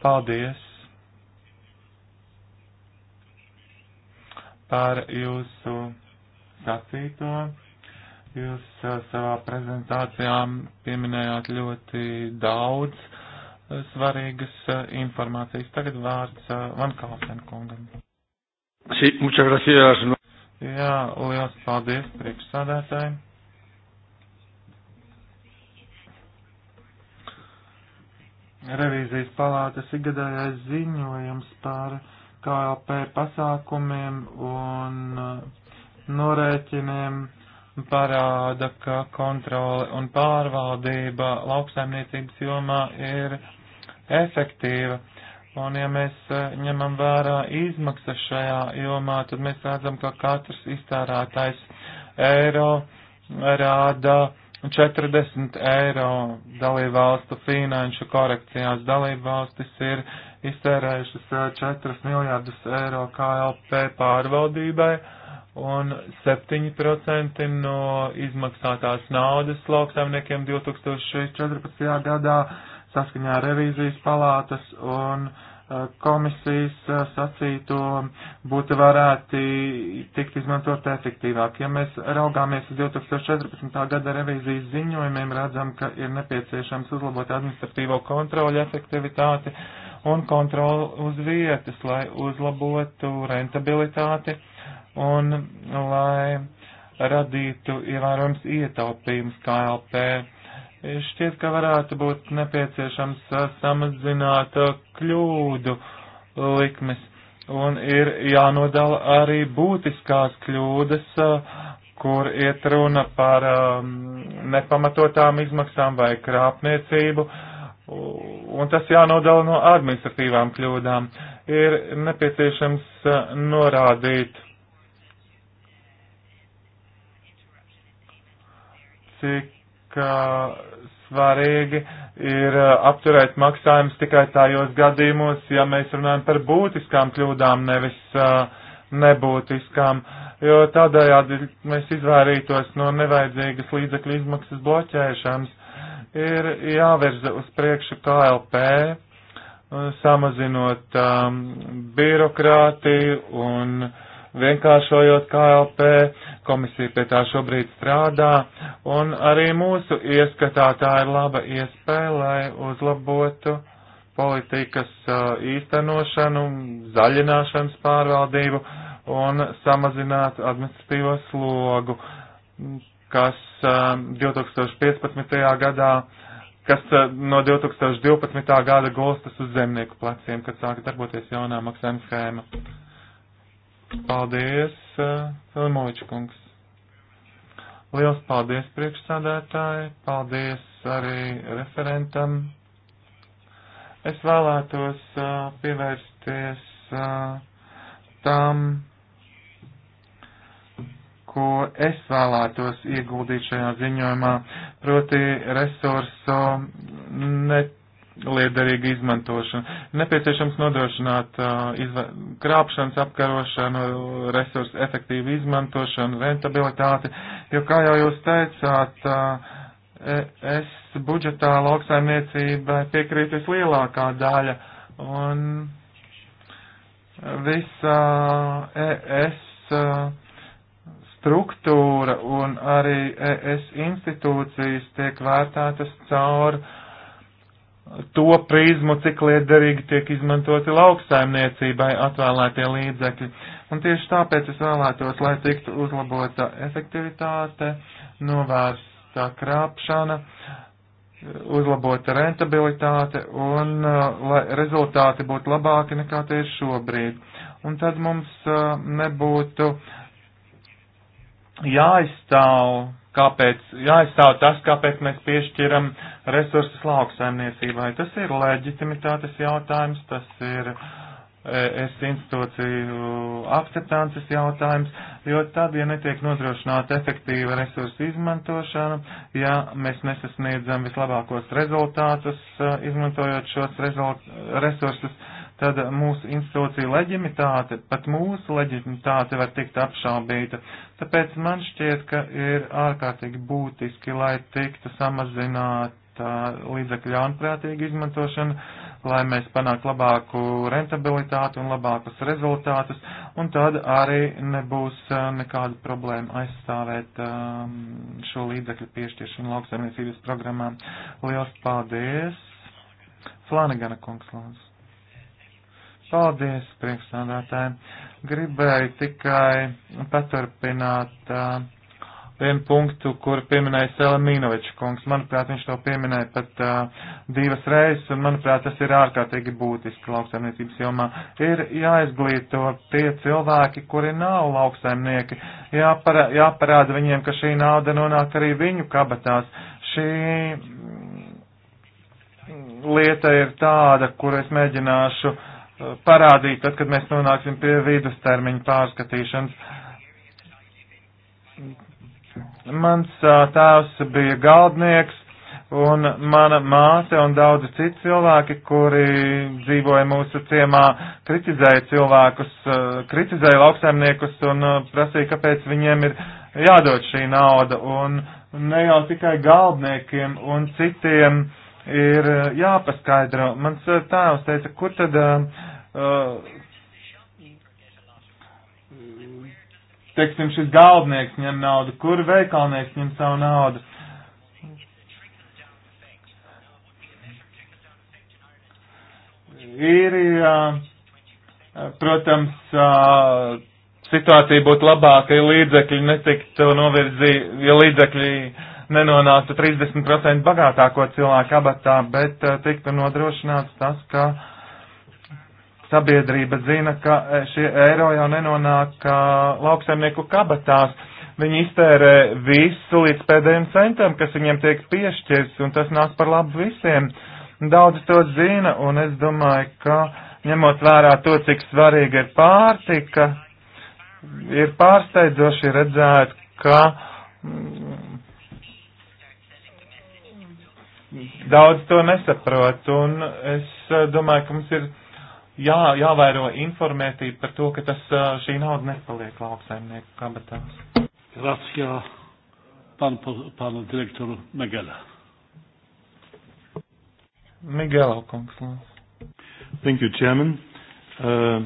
Paldies! Par jūsu sacīto. Jūs uh, savā prezentācijā pieminējāt ļoti daudz uh, svarīgas uh, informācijas. Tagad vārds Van Kalsen kungam. Sí, muchas gracias. Jā, liels paldies priekšsādātājiem. Revīzijas palātas ikgadējais ziņojums par KLP pasākumiem un norēķiniem parāda, ka kontrole un pārvaldība lauksaimniecības jomā ir efektīva. Un ja mēs eh, ņemam vērā izmaksas šajā jomā, tad mēs redzam, ka katrs iztērētais eiro rāda 40 eiro dalībvalstu finanšu korekcijās. Dalībvalstis ir iztērējušas 4 eh, miljārdus eiro KLP pārvaldībai un 7% no izmaksātās naudas lauksaimniekiem 2014. gadā saskaņā revīzijas palātas un eh, komisijas eh, sacīto būtu varēti tikt izmantot efektīvāk. Ja mēs raugāmies uz 2014. gada revīzijas ziņojumiem, redzam, ka ir nepieciešams uzlabot administratīvo kontroļu efektivitāti un kontroli uz vietas, lai uzlabotu rentabilitāti un lai radītu ievērojams ietaupījums KLP. Šķiet, ka varētu būt nepieciešams samazināt kļūdu likmes un ir jānodala arī būtiskās kļūdas, kur iet runa par um, nepamatotām izmaksām vai krāpniecību un tas jānodala no administratīvām kļūdām. Ir nepieciešams norādīt cik uh, svarīgi ir uh, apturēt maksājumus tikai tajos gadījumos, ja mēs runājam par būtiskām kļūdām, nevis uh, nebūtiskām, jo tādējādi mēs izvairītos no nevajadzīgas līdzekļu izmaksas bloķēšanas. Ir jāvirza uz priekšu KLP, uh, samazinot um, birokrātiju un uh, vienkāršojot KLP, komisija pie tā šobrīd strādā, un arī mūsu ieskatā tā ir laba iespēja, lai uzlabotu politikas īstenošanu, zaļināšanas pārvaldību un samazinātu administratīvo slogu, kas 2015. gadā kas no 2012. gada gulstas uz zemnieku pleciem, kad sāka darboties jaunā maksājuma schēma. Paldies, Filimoviča eh, kungs. Liels paldies priekšsādātāji, paldies arī referentam. Es vēlētos eh, pievērsties eh, tam, ko es vēlētos ieguldīt šajā ziņojumā, proti resursu net liederīgu izmantošanu. Nepieciešams nodrošināt uh, krāpšanas apkarošanu, resursu efektīvu izmantošanu, rentabilitāti, jo, kā jau jūs teicāt, uh, es budžetā lauksaimniecībai piekrīt vislielākā daļa, un visa ES struktūra un arī ES institūcijas tiek vērtētas caur uh, to prizmu, cik liederīgi tiek izmantoti lauksaimniecībai atvēlētie līdzekļi. Un tieši tāpēc es vēlētos, lai tiktu uzlabota efektivitāte, novērsta krāpšana, uzlabota rentabilitāte un uh, lai rezultāti būtu labāki nekā tieši šobrīd. Un tad mums uh, nebūtu jāizstāv kāpēc jāizstāv tas, kāpēc mēs piešķiram resursus lauksaimniecībai. Tas ir leģitimitātes jautājums, tas ir e, es institūciju akceptances jautājums, jo tad, ja netiek nodrošināta efektīva resursu izmantošana, ja mēs nesasniedzam vislabākos rezultātus, e, izmantojot šos rezult resursus, tad mūsu institūcija leģitimitāte, pat mūsu leģitimitāte var tikt apšaubīta. Tāpēc man šķiet, ka ir ārkārtīgi būtiski, lai tiktu samazināta līdzekļu ļaunprātīga izmantošana, lai mēs panāktu labāku rentabilitāti un labākus rezultātus, un tad arī nebūs uh, nekāda problēma aizstāvēt um, šo līdzekļu piešķiršanu lauksaimniecības programmām. Lielas paldies! Flanagana kungs, lūdzu. Paldies, priekšsādātāji. Gribēju tikai paturpināt uh, vienu punktu, kur pieminēja Selemīnoviča kungs. Manuprāt, viņš to pieminēja pat uh, divas reizes, un manuprāt, tas ir ārkārtīgi būtiski lauksaimniecības jomā. Ir jāizglīto tie cilvēki, kuri nav lauksaimnieki, Jāpara, jāparāda viņiem, ka šī nauda nonāk arī viņu kabatās. Šī mm, lieta ir tāda, kur es mēģināšu uh, Uh, parādīt, tad, kad mēs nonāksim pie vidustermiņa pārskatīšanas. Mans uh, tēvs bija galdnieks, un mana māte un daudzi citi cilvēki, kuri dzīvoja mūsu ciemā, kritizēja cilvēkus, uh, kritizēja lauksaimniekus un prasīja, kāpēc viņiem ir jādod šī nauda, un ne jau tikai galdniekiem un citiem uh, ir eh, jāpaskaidro. Mans eh, tēvs teica, kur tad. Uh, Teiksim, šis galvnieks ņem naudu, kur veikalnieks ņem savu naudu. Īrijā, protams, situācija būtu labāka, ja līdzekļi netiktu novirzīti, ja līdzekļi uh, nenonāktu 30% bagātāko cilvēku abatā, bet eh, tiktu nodrošināts tas, ka sabiedrība zina, ka eh, šie eiro jau nenonāk eh, lauksaimnieku kabatās. Viņi iztērē visu līdz pēdējiem centam, kas viņiem tiek piešķirts, un tas nāk par labu visiem. Daudz to zina, un es domāju, ka ņemot vērā to, cik svarīga ir pārtika, ir pārsteidzoši redzēt, ka daudz to nesaprot, un es eh, domāju, ka mums ir jā, jāvēro informētība par to, ka tas, eh, šī nauda nepaliek lauksaimnieku kabatās. Grazie, pan, pan direktoru Megela. Miguel kungs, lūdzu. Thank you, Chairman. Uh,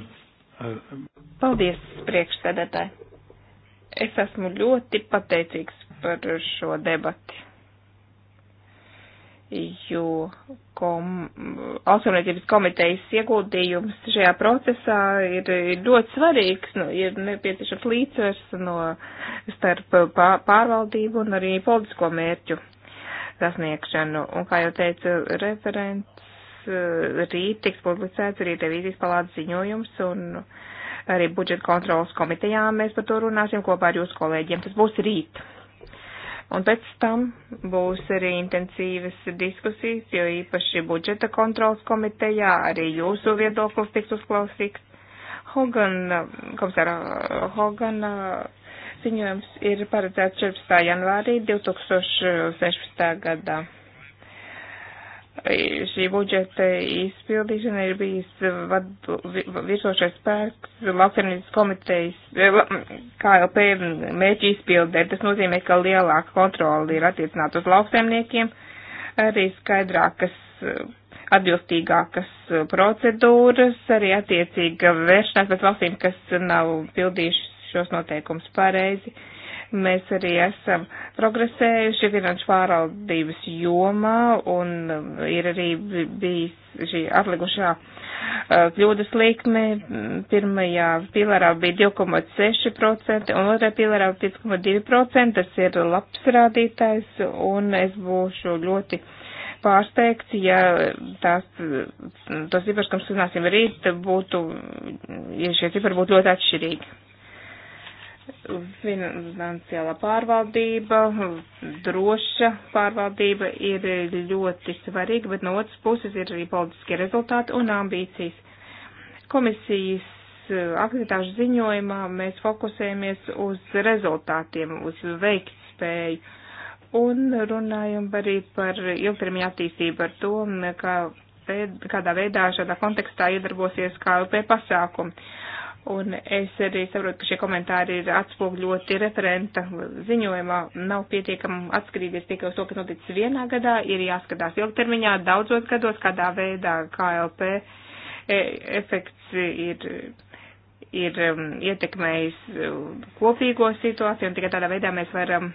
uh, Paldies, priekšsēdētāji. Es esmu ļoti pateicīgs par šo debati jo kom, Alsumniecības komitejas ieguldījums šajā procesā ir, ir ļoti svarīgs, nu, ir nepieciešams līdzsvers no starp pārvaldību un arī politisko mērķu sasniegšanu. Un, kā jau teicu, referents eh, rīt tiks publicēts arī revīzijas palātas ziņojums un arī budžeta kontrolas komitejām mēs par to runāsim kopā ar jūsu kolēģiem. Tas būs rīt. Un pēc tam būs arī intensīvas diskusijas, jo īpaši budžeta kontrols komitejā arī jūsu viedoklis tiks uzklausīts. Hogan, komisāra Hogana ziņojums ir paredzēts 14. janvārī 2016. gadā šī budžeta izpildīšana ir bijis vadu, virsošais spēks lauksaimniecības komitejas e, KLP mērķi izpildē. Tas nozīmē, ka lielāka kontrola ir attiecināta uz lauksaimniekiem, arī skaidrākas, atbilstīgākas procedūras, arī attiecīga vēršanās pēc valstīm, kas nav pildījušas šos noteikumus pareizi. Uh, Mēs arī esam progresējuši finanšu pārvaldības jomā un um, ir arī bijis šī atlikušā uh, kļūdas līkme. Mm, pirmajā pilarā bija 2,6% un otrajā pilarā 5,2%. Tas ir labs rādītājs un es būšu ļoti pārsteigts, ja tās, mm, tos cipars, kam skanāsim rīt, būtu, ja šie cipari būtu ļoti atšķirīgi finansiālā pārvaldība, droša pārvaldība ir ļoti svarīga, bet no otras puses ir arī politiskie rezultāti un ambīcijas. Komisijas eh, aktivitāšu ziņojumā mēs fokusējamies uz rezultātiem, uz veiktspēju un runājam arī par ilgtermiņa attīstību, par to, kā, kādā veidā šādā kontekstā iedarbosies KLP pasākumi Un es arī saprotu, ka šie komentāri ir atspogļoti referenta ziņojumā. Nav pietiekami atskatīties tikai uz to, kas noticis vienā gadā, ir jāskatās ilgtermiņā, daudzos gados, kādā veidā KLP e, efekts ir, ir um, ietekmējis um, kopīgo situāciju, un tikai tādā veidā mēs varam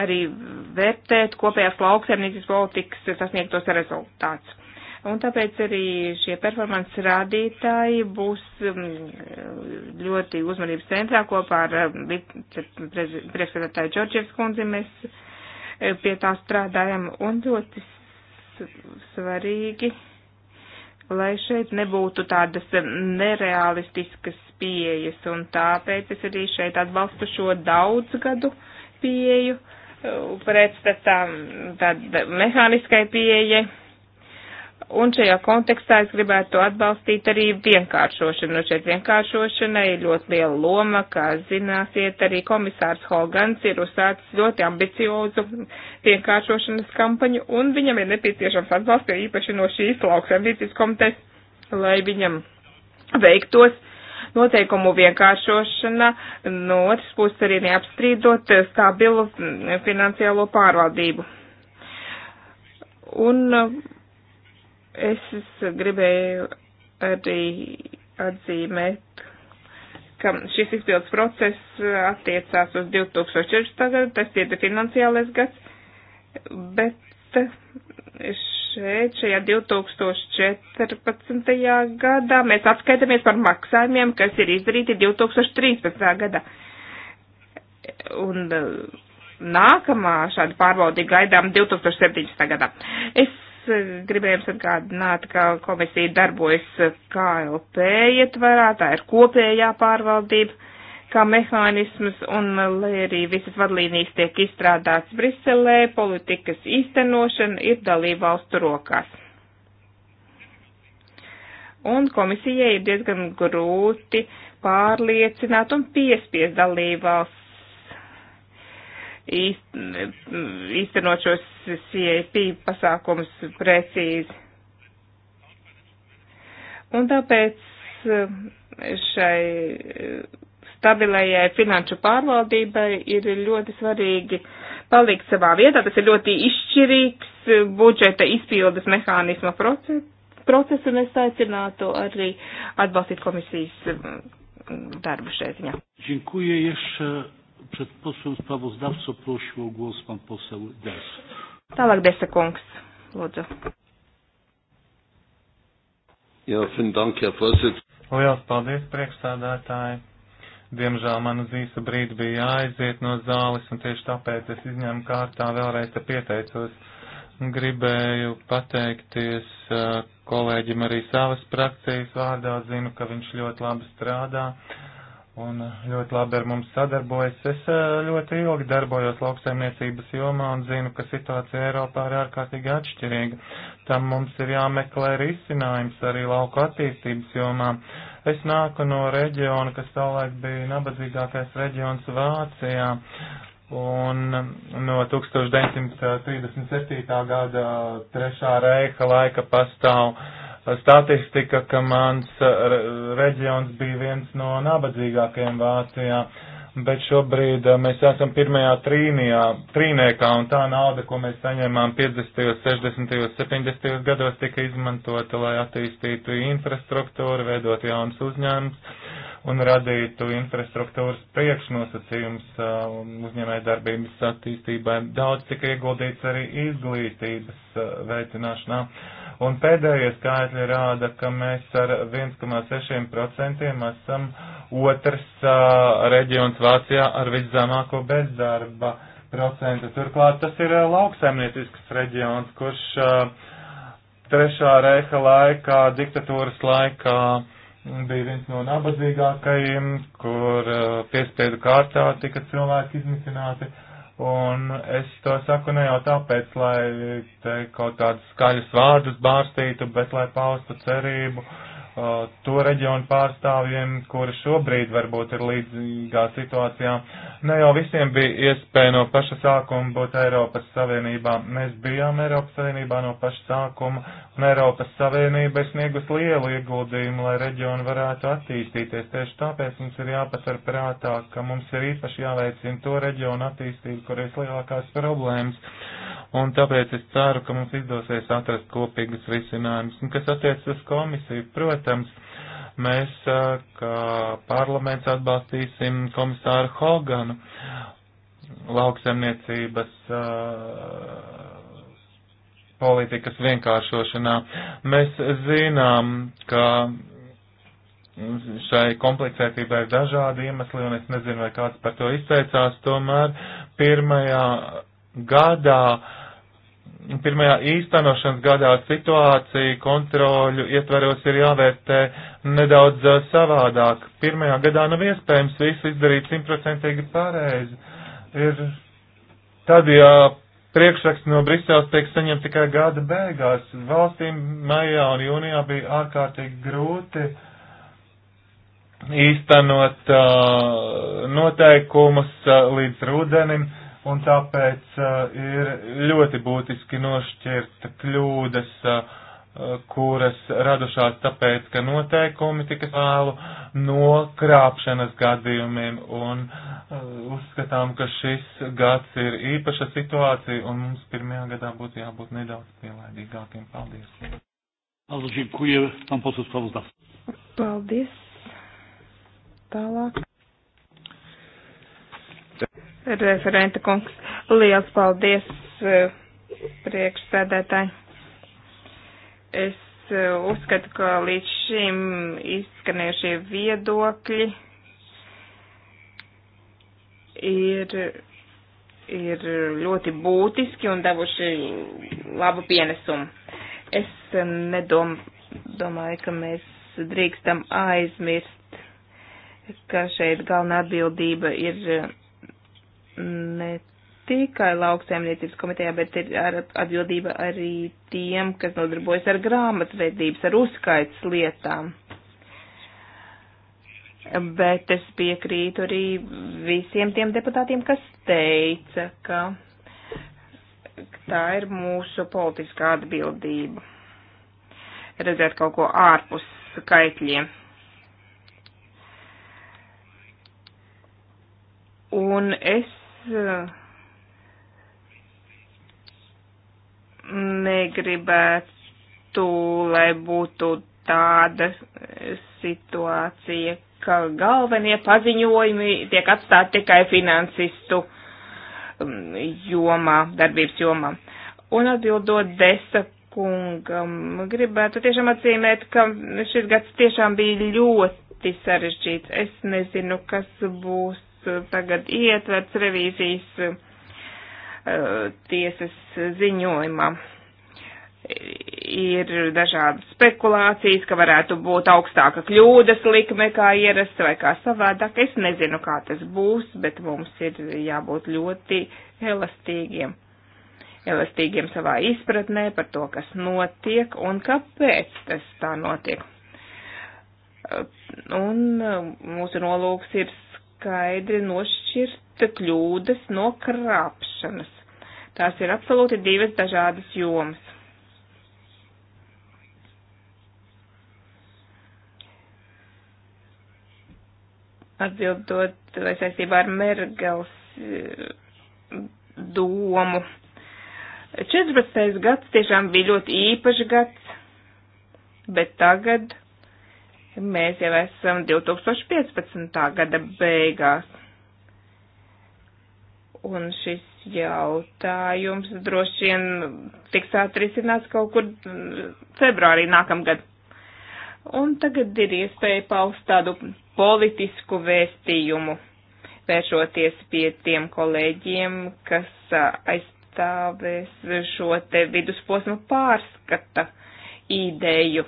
arī vērtēt kopējās lauksaimniecības politikas sasniegtos rezultātus Un tāpēc arī šie performances rādītāji būs um, ļoti uzmanības centrā kopā ar um, priekšsēdētāju Džordžievs kundzi. Mēs eh, pie tā strādājam un ļoti svarīgi, lai šeit nebūtu tādas um, nerealistiskas pieejas. Un tāpēc es arī šeit atbalstu šo daudzgadu pieeju uh, pretstatā mehāniskai pieejai Un šajā kontekstā es gribētu atbalstīt arī vienkāršošanu. Nu, šeit vienkāršošana ir ļoti liela loma, kā zināsiet, arī komisārs Hogans ir uzsācis ļoti ambiciozu vienkāršošanas kampaņu, un viņam ir nepieciešams atbalsts, jo īpaši no šīs lauksaimniecības komitejas, lai viņam veiktos noteikumu vienkāršošana, no otras puses arī neapstrīdot stabilu finansiālo pārvaldību. Un Es gribēju arī atzīmēt, ka šis izpildus process attiecās uz 2014. gadu, tas ir finansiālais gads, bet šeit, šajā 2014. gadā mēs atskaitamies par maksājumiem, kas ir izdarīti 2013. gadā. Un nākamā šāda pārbaudīja gaidām 2017. gadā. Es gribēju jums atgādināt, ka komisija darbojas KLP ietvarā, tā ir kopējā pārvaldība kā mehānisms, un lai arī visas vadlīnijas tiek izstrādāts Briselē, politikas īstenošana ir dalība valstu rokās. Un komisijai ir diezgan grūti pārliecināt un piespies dalību valsts īstenot šos CAP pasākumus precīzi. Un tāpēc eh, šai eh, stabilajai finanšu pārvaldībai ir ļoti svarīgi palikt savā vietā. Tas ir ļoti izšķirīgs eh, budžeta izpildes mehānisma proces, proces un es aicinātu arī atbalstīt komisijas darbu šeit ziņā. Dziękuję jeszcze Przed posłem sprawozdawcą prosił o głos pan poseł Des. Tālāk Desa kungs, lūdzu. Jā, fin dank, jā, posēd. Lielas paldies, priekšstādātāji. Diemžēl man uz īsu brīdi bija jāaiziet no zāles, un tieši tāpēc es izņēmu kārtā vēlreiz te pieteicos. Gribēju pateikties kolēģim arī savas prakcijas vārdā, zinu, ka viņš ļoti labi strādā. Uh, un eh, ļoti labi ar mums sadarbojas. Es eh, ļoti ilgi darbojos lauksaimniecības jomā un zinu, ka situācija Eiropā ir ārkārtīgi atšķirīga. Tam mums ir jāmeklē risinājums arī lauku attīstības jomā. Es nāku no reģiona, kas savulaik bija nabadzīgākais reģions Vācijā. Un eh, no 1937. gada trešā reika laika pastāv uh, statistika, ka mans eh, reģions bija viens no nabadzīgākajiem Vācijā, bet šobrīd eh, mēs esam pirmajā trīnijā, trīniekā, un tā nauda, ko mēs saņēmām 50., 60., 70. gados, tika izmantota, lai attīstītu infrastruktūru, veidot jaunas uzņēmumus un radītu infrastruktūras priekšnosacījums uh, uzņēmēja darbības attīstībai. Daudz tika ieguldīts arī izglītības uh, veicināšanā. Uh, Un pēdējie skaitļi rāda, ka mēs ar 1,6% esam otrs uh, reģions Vācijā ar viszemāko bezdarba procentu. Turklāt tas ir uh, lauksaimniecisks reģions, kurš uh, trešā reiha laikā, diktatūras laikā bija viens no nabadzīgākajiem, kur uh, piespiedu kārtā tika cilvēki izmitināti. Uh, Un es to saku ne jau tāpēc, lai te kaut kādus skaļus vārdus bārstītu, bet lai paustu cerību Uh, to reģionu pārstāvjiem, kuri šobrīd varbūt ir līdzīgā situācijā. Ne jau visiem bija iespēja no paša sākuma būt Eiropas Savienībā. Mēs bijām Eiropas Savienībā no paša sākuma, un Eiropas Savienība ir sniegus lielu ieguldījumu, lai reģionu varētu attīstīties. Tieši tāpēc mums ir jāpatur prātā, ka mums ir īpaši jāveicina to reģionu attīstību, kur ir lielākās problēmas un tāpēc es ceru, ka mums izdosies atrast kopīgus risinājumus. Un kas attiecas uz komisiju, protams, protams, mēs kā parlaments atbalstīsim komisāru Hoganu lauksemniecības politikas vienkāršošanā. Mēs zinām, ka šai komplicētībai ir dažādi iemesli, un es nezinu, vai kāds par to izteicās, tomēr pirmajā gadā uh, pirmajā īstenošanas gadā situācija kontroļu ietveros ir jāvērtē nedaudz eh, savādāk. Pirmajā gadā nav iespējams visu izdarīt simtprocentīgi pareizi. Ir tad, ja priekšraksts no Briseles tiek saņemts tikai gada beigās, valstīm maijā un jūnijā bija ārkārtīgi grūti īstenot uh, noteikumus uh, līdz rudenim. Uh, un tāpēc uh, ir ļoti būtiski nošķirt kļūdas, uh, kuras radušās tāpēc, ka noteikumi tika vēlu no krāpšanas gadījumiem, un uh, uzskatām, ka šis gads ir īpaša situācija, un mums pirmajā gadā būtu jābūt nedaudz pielaidīgākiem. Paldies! Paldies! Tālāk referenta kungs. Liels paldies, eh, priekšsēdētāji. Es eh, uzskatu, ka līdz šim izskanējušie viedokļi ir, ir ļoti būtiski un devuši labu pienesumu. Es eh, nedomāju, ka mēs drīkstam aizmirst, ka šeit galvenā atbildība ir ne tikai lauksaimniecības komitejā, bet ir ar atbildība arī tiem, kas nodarbojas ar grāmatvedības, ar uzskaits lietām. Bet es piekrītu arī visiem tiem deputātiem, kas teica, ka tā ir mūsu politiskā atbildība. Redzēt kaut ko ārpus skaitļiem. Un es negribētu, lai būtu tāda situācija, ka galvenie paziņojumi tiek atstāti tikai finansistu mm, jomā, darbības jomā. Un atbildot desa kungam, gribētu tiešām atzīmēt, ka šis gads tiešām bija ļoti sarežģīts. Es nezinu, kas būs tagad ietverts revīzijas eh, tiesas ziņojumā. Ir dažādas spekulācijas, ka varētu būt augstāka kļūdas likme kā ierasts vai kā savādāk. Es nezinu, kā tas būs, bet mums ir jābūt ļoti elastīgiem. Elastīgiem savā izpratnē par to, kas notiek un kāpēc tas tā notiek eh, un eh, mūsu nolūks ir skaidri nošķirta kļūdas no krāpšanas. Tās ir absolūti divas dažādas jomas. Atbildot vai saistībā ar Mergels eh, domu. 14. gads tiešām bija ļoti īpašs gads, bet tagad Mēs jau esam 2015. gada beigās. Un šis jautājums droši vien tiks atrisināts kaut kur mm, februārī nākamgad. Un tagad ir iespēja paust tādu politisku vēstījumu, vēršoties pie tiem kolēģiem, kas aizstāvēs šo te vidusposmu pārskata ideju,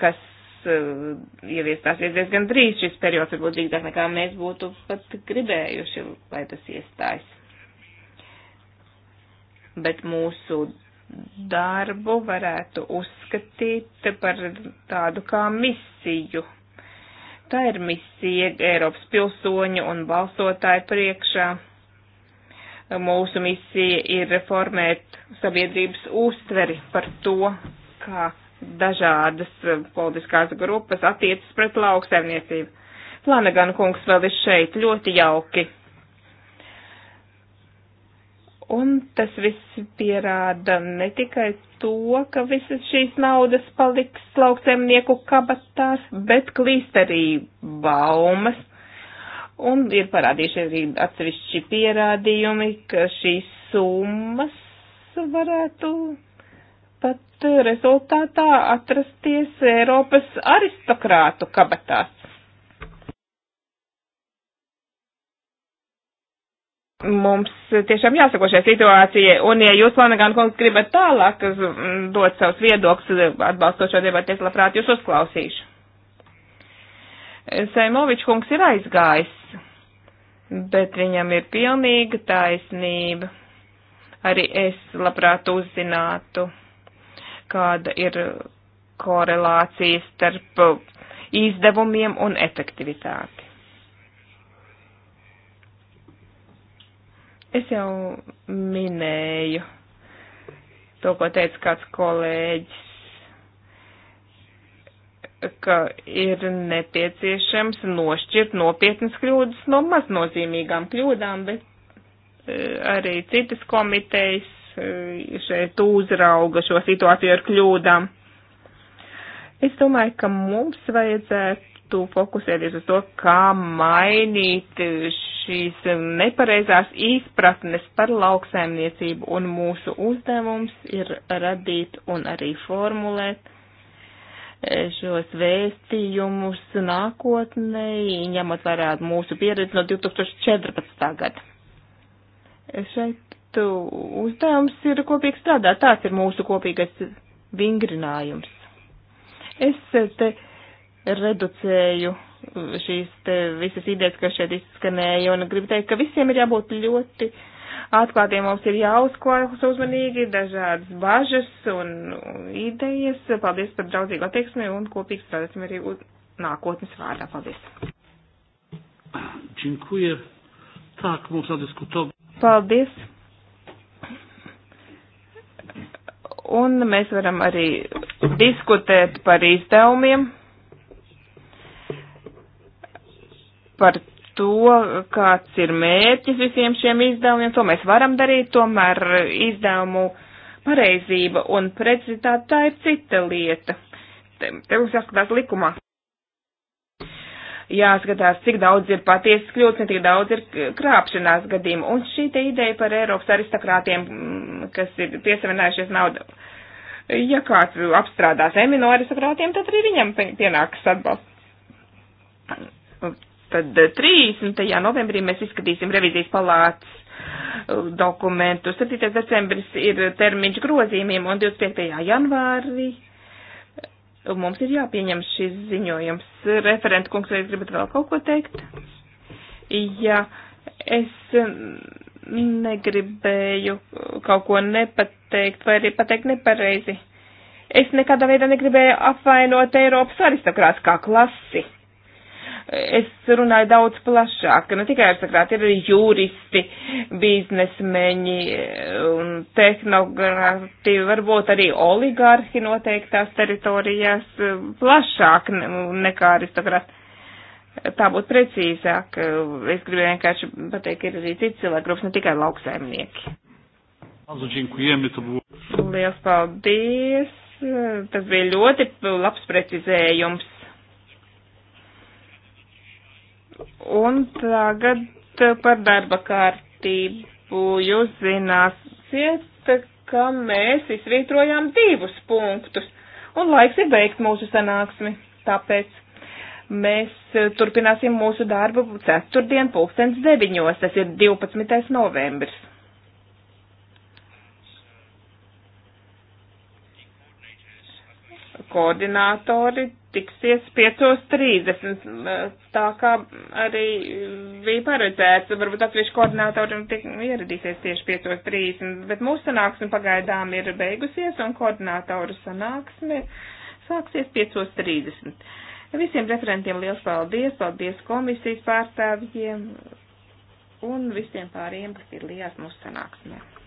kas Eh, ieviestāsies diezgan drīz. Šis periods varbūt drīzāk nekā mēs būtu pat gribējuši, lai tas iestājas. Bet mūsu darbu varētu uzskatīt par tādu kā misiju. Tā ir misija Eiropas pilsoņu un balsotāju priekšā. Mūsu misija ir reformēt sabiedrības uztveri par to, kā dažādas eh, politiskās grupas attiecas pret lauksaimniecību. Flanagan kungs vēl ir šeit ļoti jauki. Un tas viss pierāda ne tikai to, ka visas šīs naudas paliks lauksaimnieku kabatās, bet klīst arī baumas. Un ir parādījuši arī atsevišķi pierādījumi, ka šīs summas varētu pat eh, rezultātā atrasties Eiropas aristokrātu kabatās. Mums tiešām jāsako šajā situācijā, un ja jūs, Lanagan, kungs, gribat tālāk dot savus viedokļus, eh, atbalstot šo debatu, es labprāt jūs uzklausīšu. Saimovičs kungs ir aizgājis, bet viņam ir pilnīga taisnība. Arī es labprāt uzzinātu kāda ir korelācija starp izdevumiem un efektivitāti. Es jau minēju to, ko teica kāds kolēģis, ka ir nepieciešams nošķirt nopietnas kļūdas no maznozīmīgām kļūdām, bet eh, arī citas komitejas šeit uzrauga šo situāciju ar kļūdām. Es domāju, ka mums vajadzētu fokusēties uz to, kā mainīt šīs nepareizās izpratnes par lauksaimniecību, un mūsu uzdevums ir radīt un arī formulēt e, šos vēstījumus nākotnē, ņemot vērā mūsu pieredzi no 2014. gada. E, šeit uzdevums ir kopīgi strādāt. Tāds ir mūsu kopīgais vingrinājums. Es eh, te reducēju eh, šīs te visas idejas, kas šeit izskanēja, un gribu teikt, ka visiem ir jābūt ļoti atklātiem. Mums ir jāuzklausa uzmanīgi dažādas bažas un idejas. Paldies par draudzīgu attieksmi un kopīgi strādāsim arī nākotnes vārdā. Paldies! Dziękuję. Tak, można dyskutować. Paldies! Un mēs varam arī diskutēt par izdevumiem, par to, kāds ir mērķis visiem šiem izdevumiem. To mēs varam darīt, tomēr izdevumu pareizība un precizitāte tā ir cita lieta. Te, te mums jāskatās likumā jāskatās, cik daudz ir patiesas kļūdas, ne tik daudz ir krāpšanās gadījumu. Un šī te ideja par Eiropas aristokrātiem, mm, kas ir piesavinājušies naudu, ja kāds apstrādās emino aristokrātiem, tad arī viņam pienāks atbalsts. Tad 30. Eh, novembrī mēs izskatīsim revizijas palātas eh, dokumentu. 7. decembris ir termiņš grozījumiem un 25. janvārī Mums ir jāpieņem šis ziņojums. Referenta kungs, vai jūs gribat vēl kaut ko teikt? Ja es negribēju kaut ko nepateikt vai arī pateikt nepareizi. Es nekādā veidā negribēju apvainot Eiropas aristokrātiskā klasi es runāju daudz plašāk, ne tikai ar sakrāt, ir arī juristi, biznesmeņi eh, un tehnogrāti, varbūt arī oligārhi noteiktās teritorijās eh, plašāk nekā aristokrāti. Tā būtu precīzāk. Eh, es gribēju vienkārši pateikt, ir arī cits cilvēkgrups, ne tikai lauksaimnieki. Lielas paldies! Tas bija ļoti labs precizējums. Un tagad par darba kārtību jūs zināsiet, ka mēs izvītrojām divus punktus. Un laiks ir beigt mūsu sanāksmi, tāpēc mēs turpināsim mūsu darbu ceturtdien pulkstens deviņos, tas ir 12. novembris. Koordinātori tiksies 5.30, tā kā arī bija paredzēts, varbūt atsevišķi koordinātori ieradīsies tieši 5.30, bet mūsu sanāksme pagaidām ir beigusies un koordinātoru sanāksme sāksies 5.30. Visiem referentiem liels paldies, paldies komisijas pārstāvjiem un visiem pārējiem, kas ir lijās mūsu sanāksmē.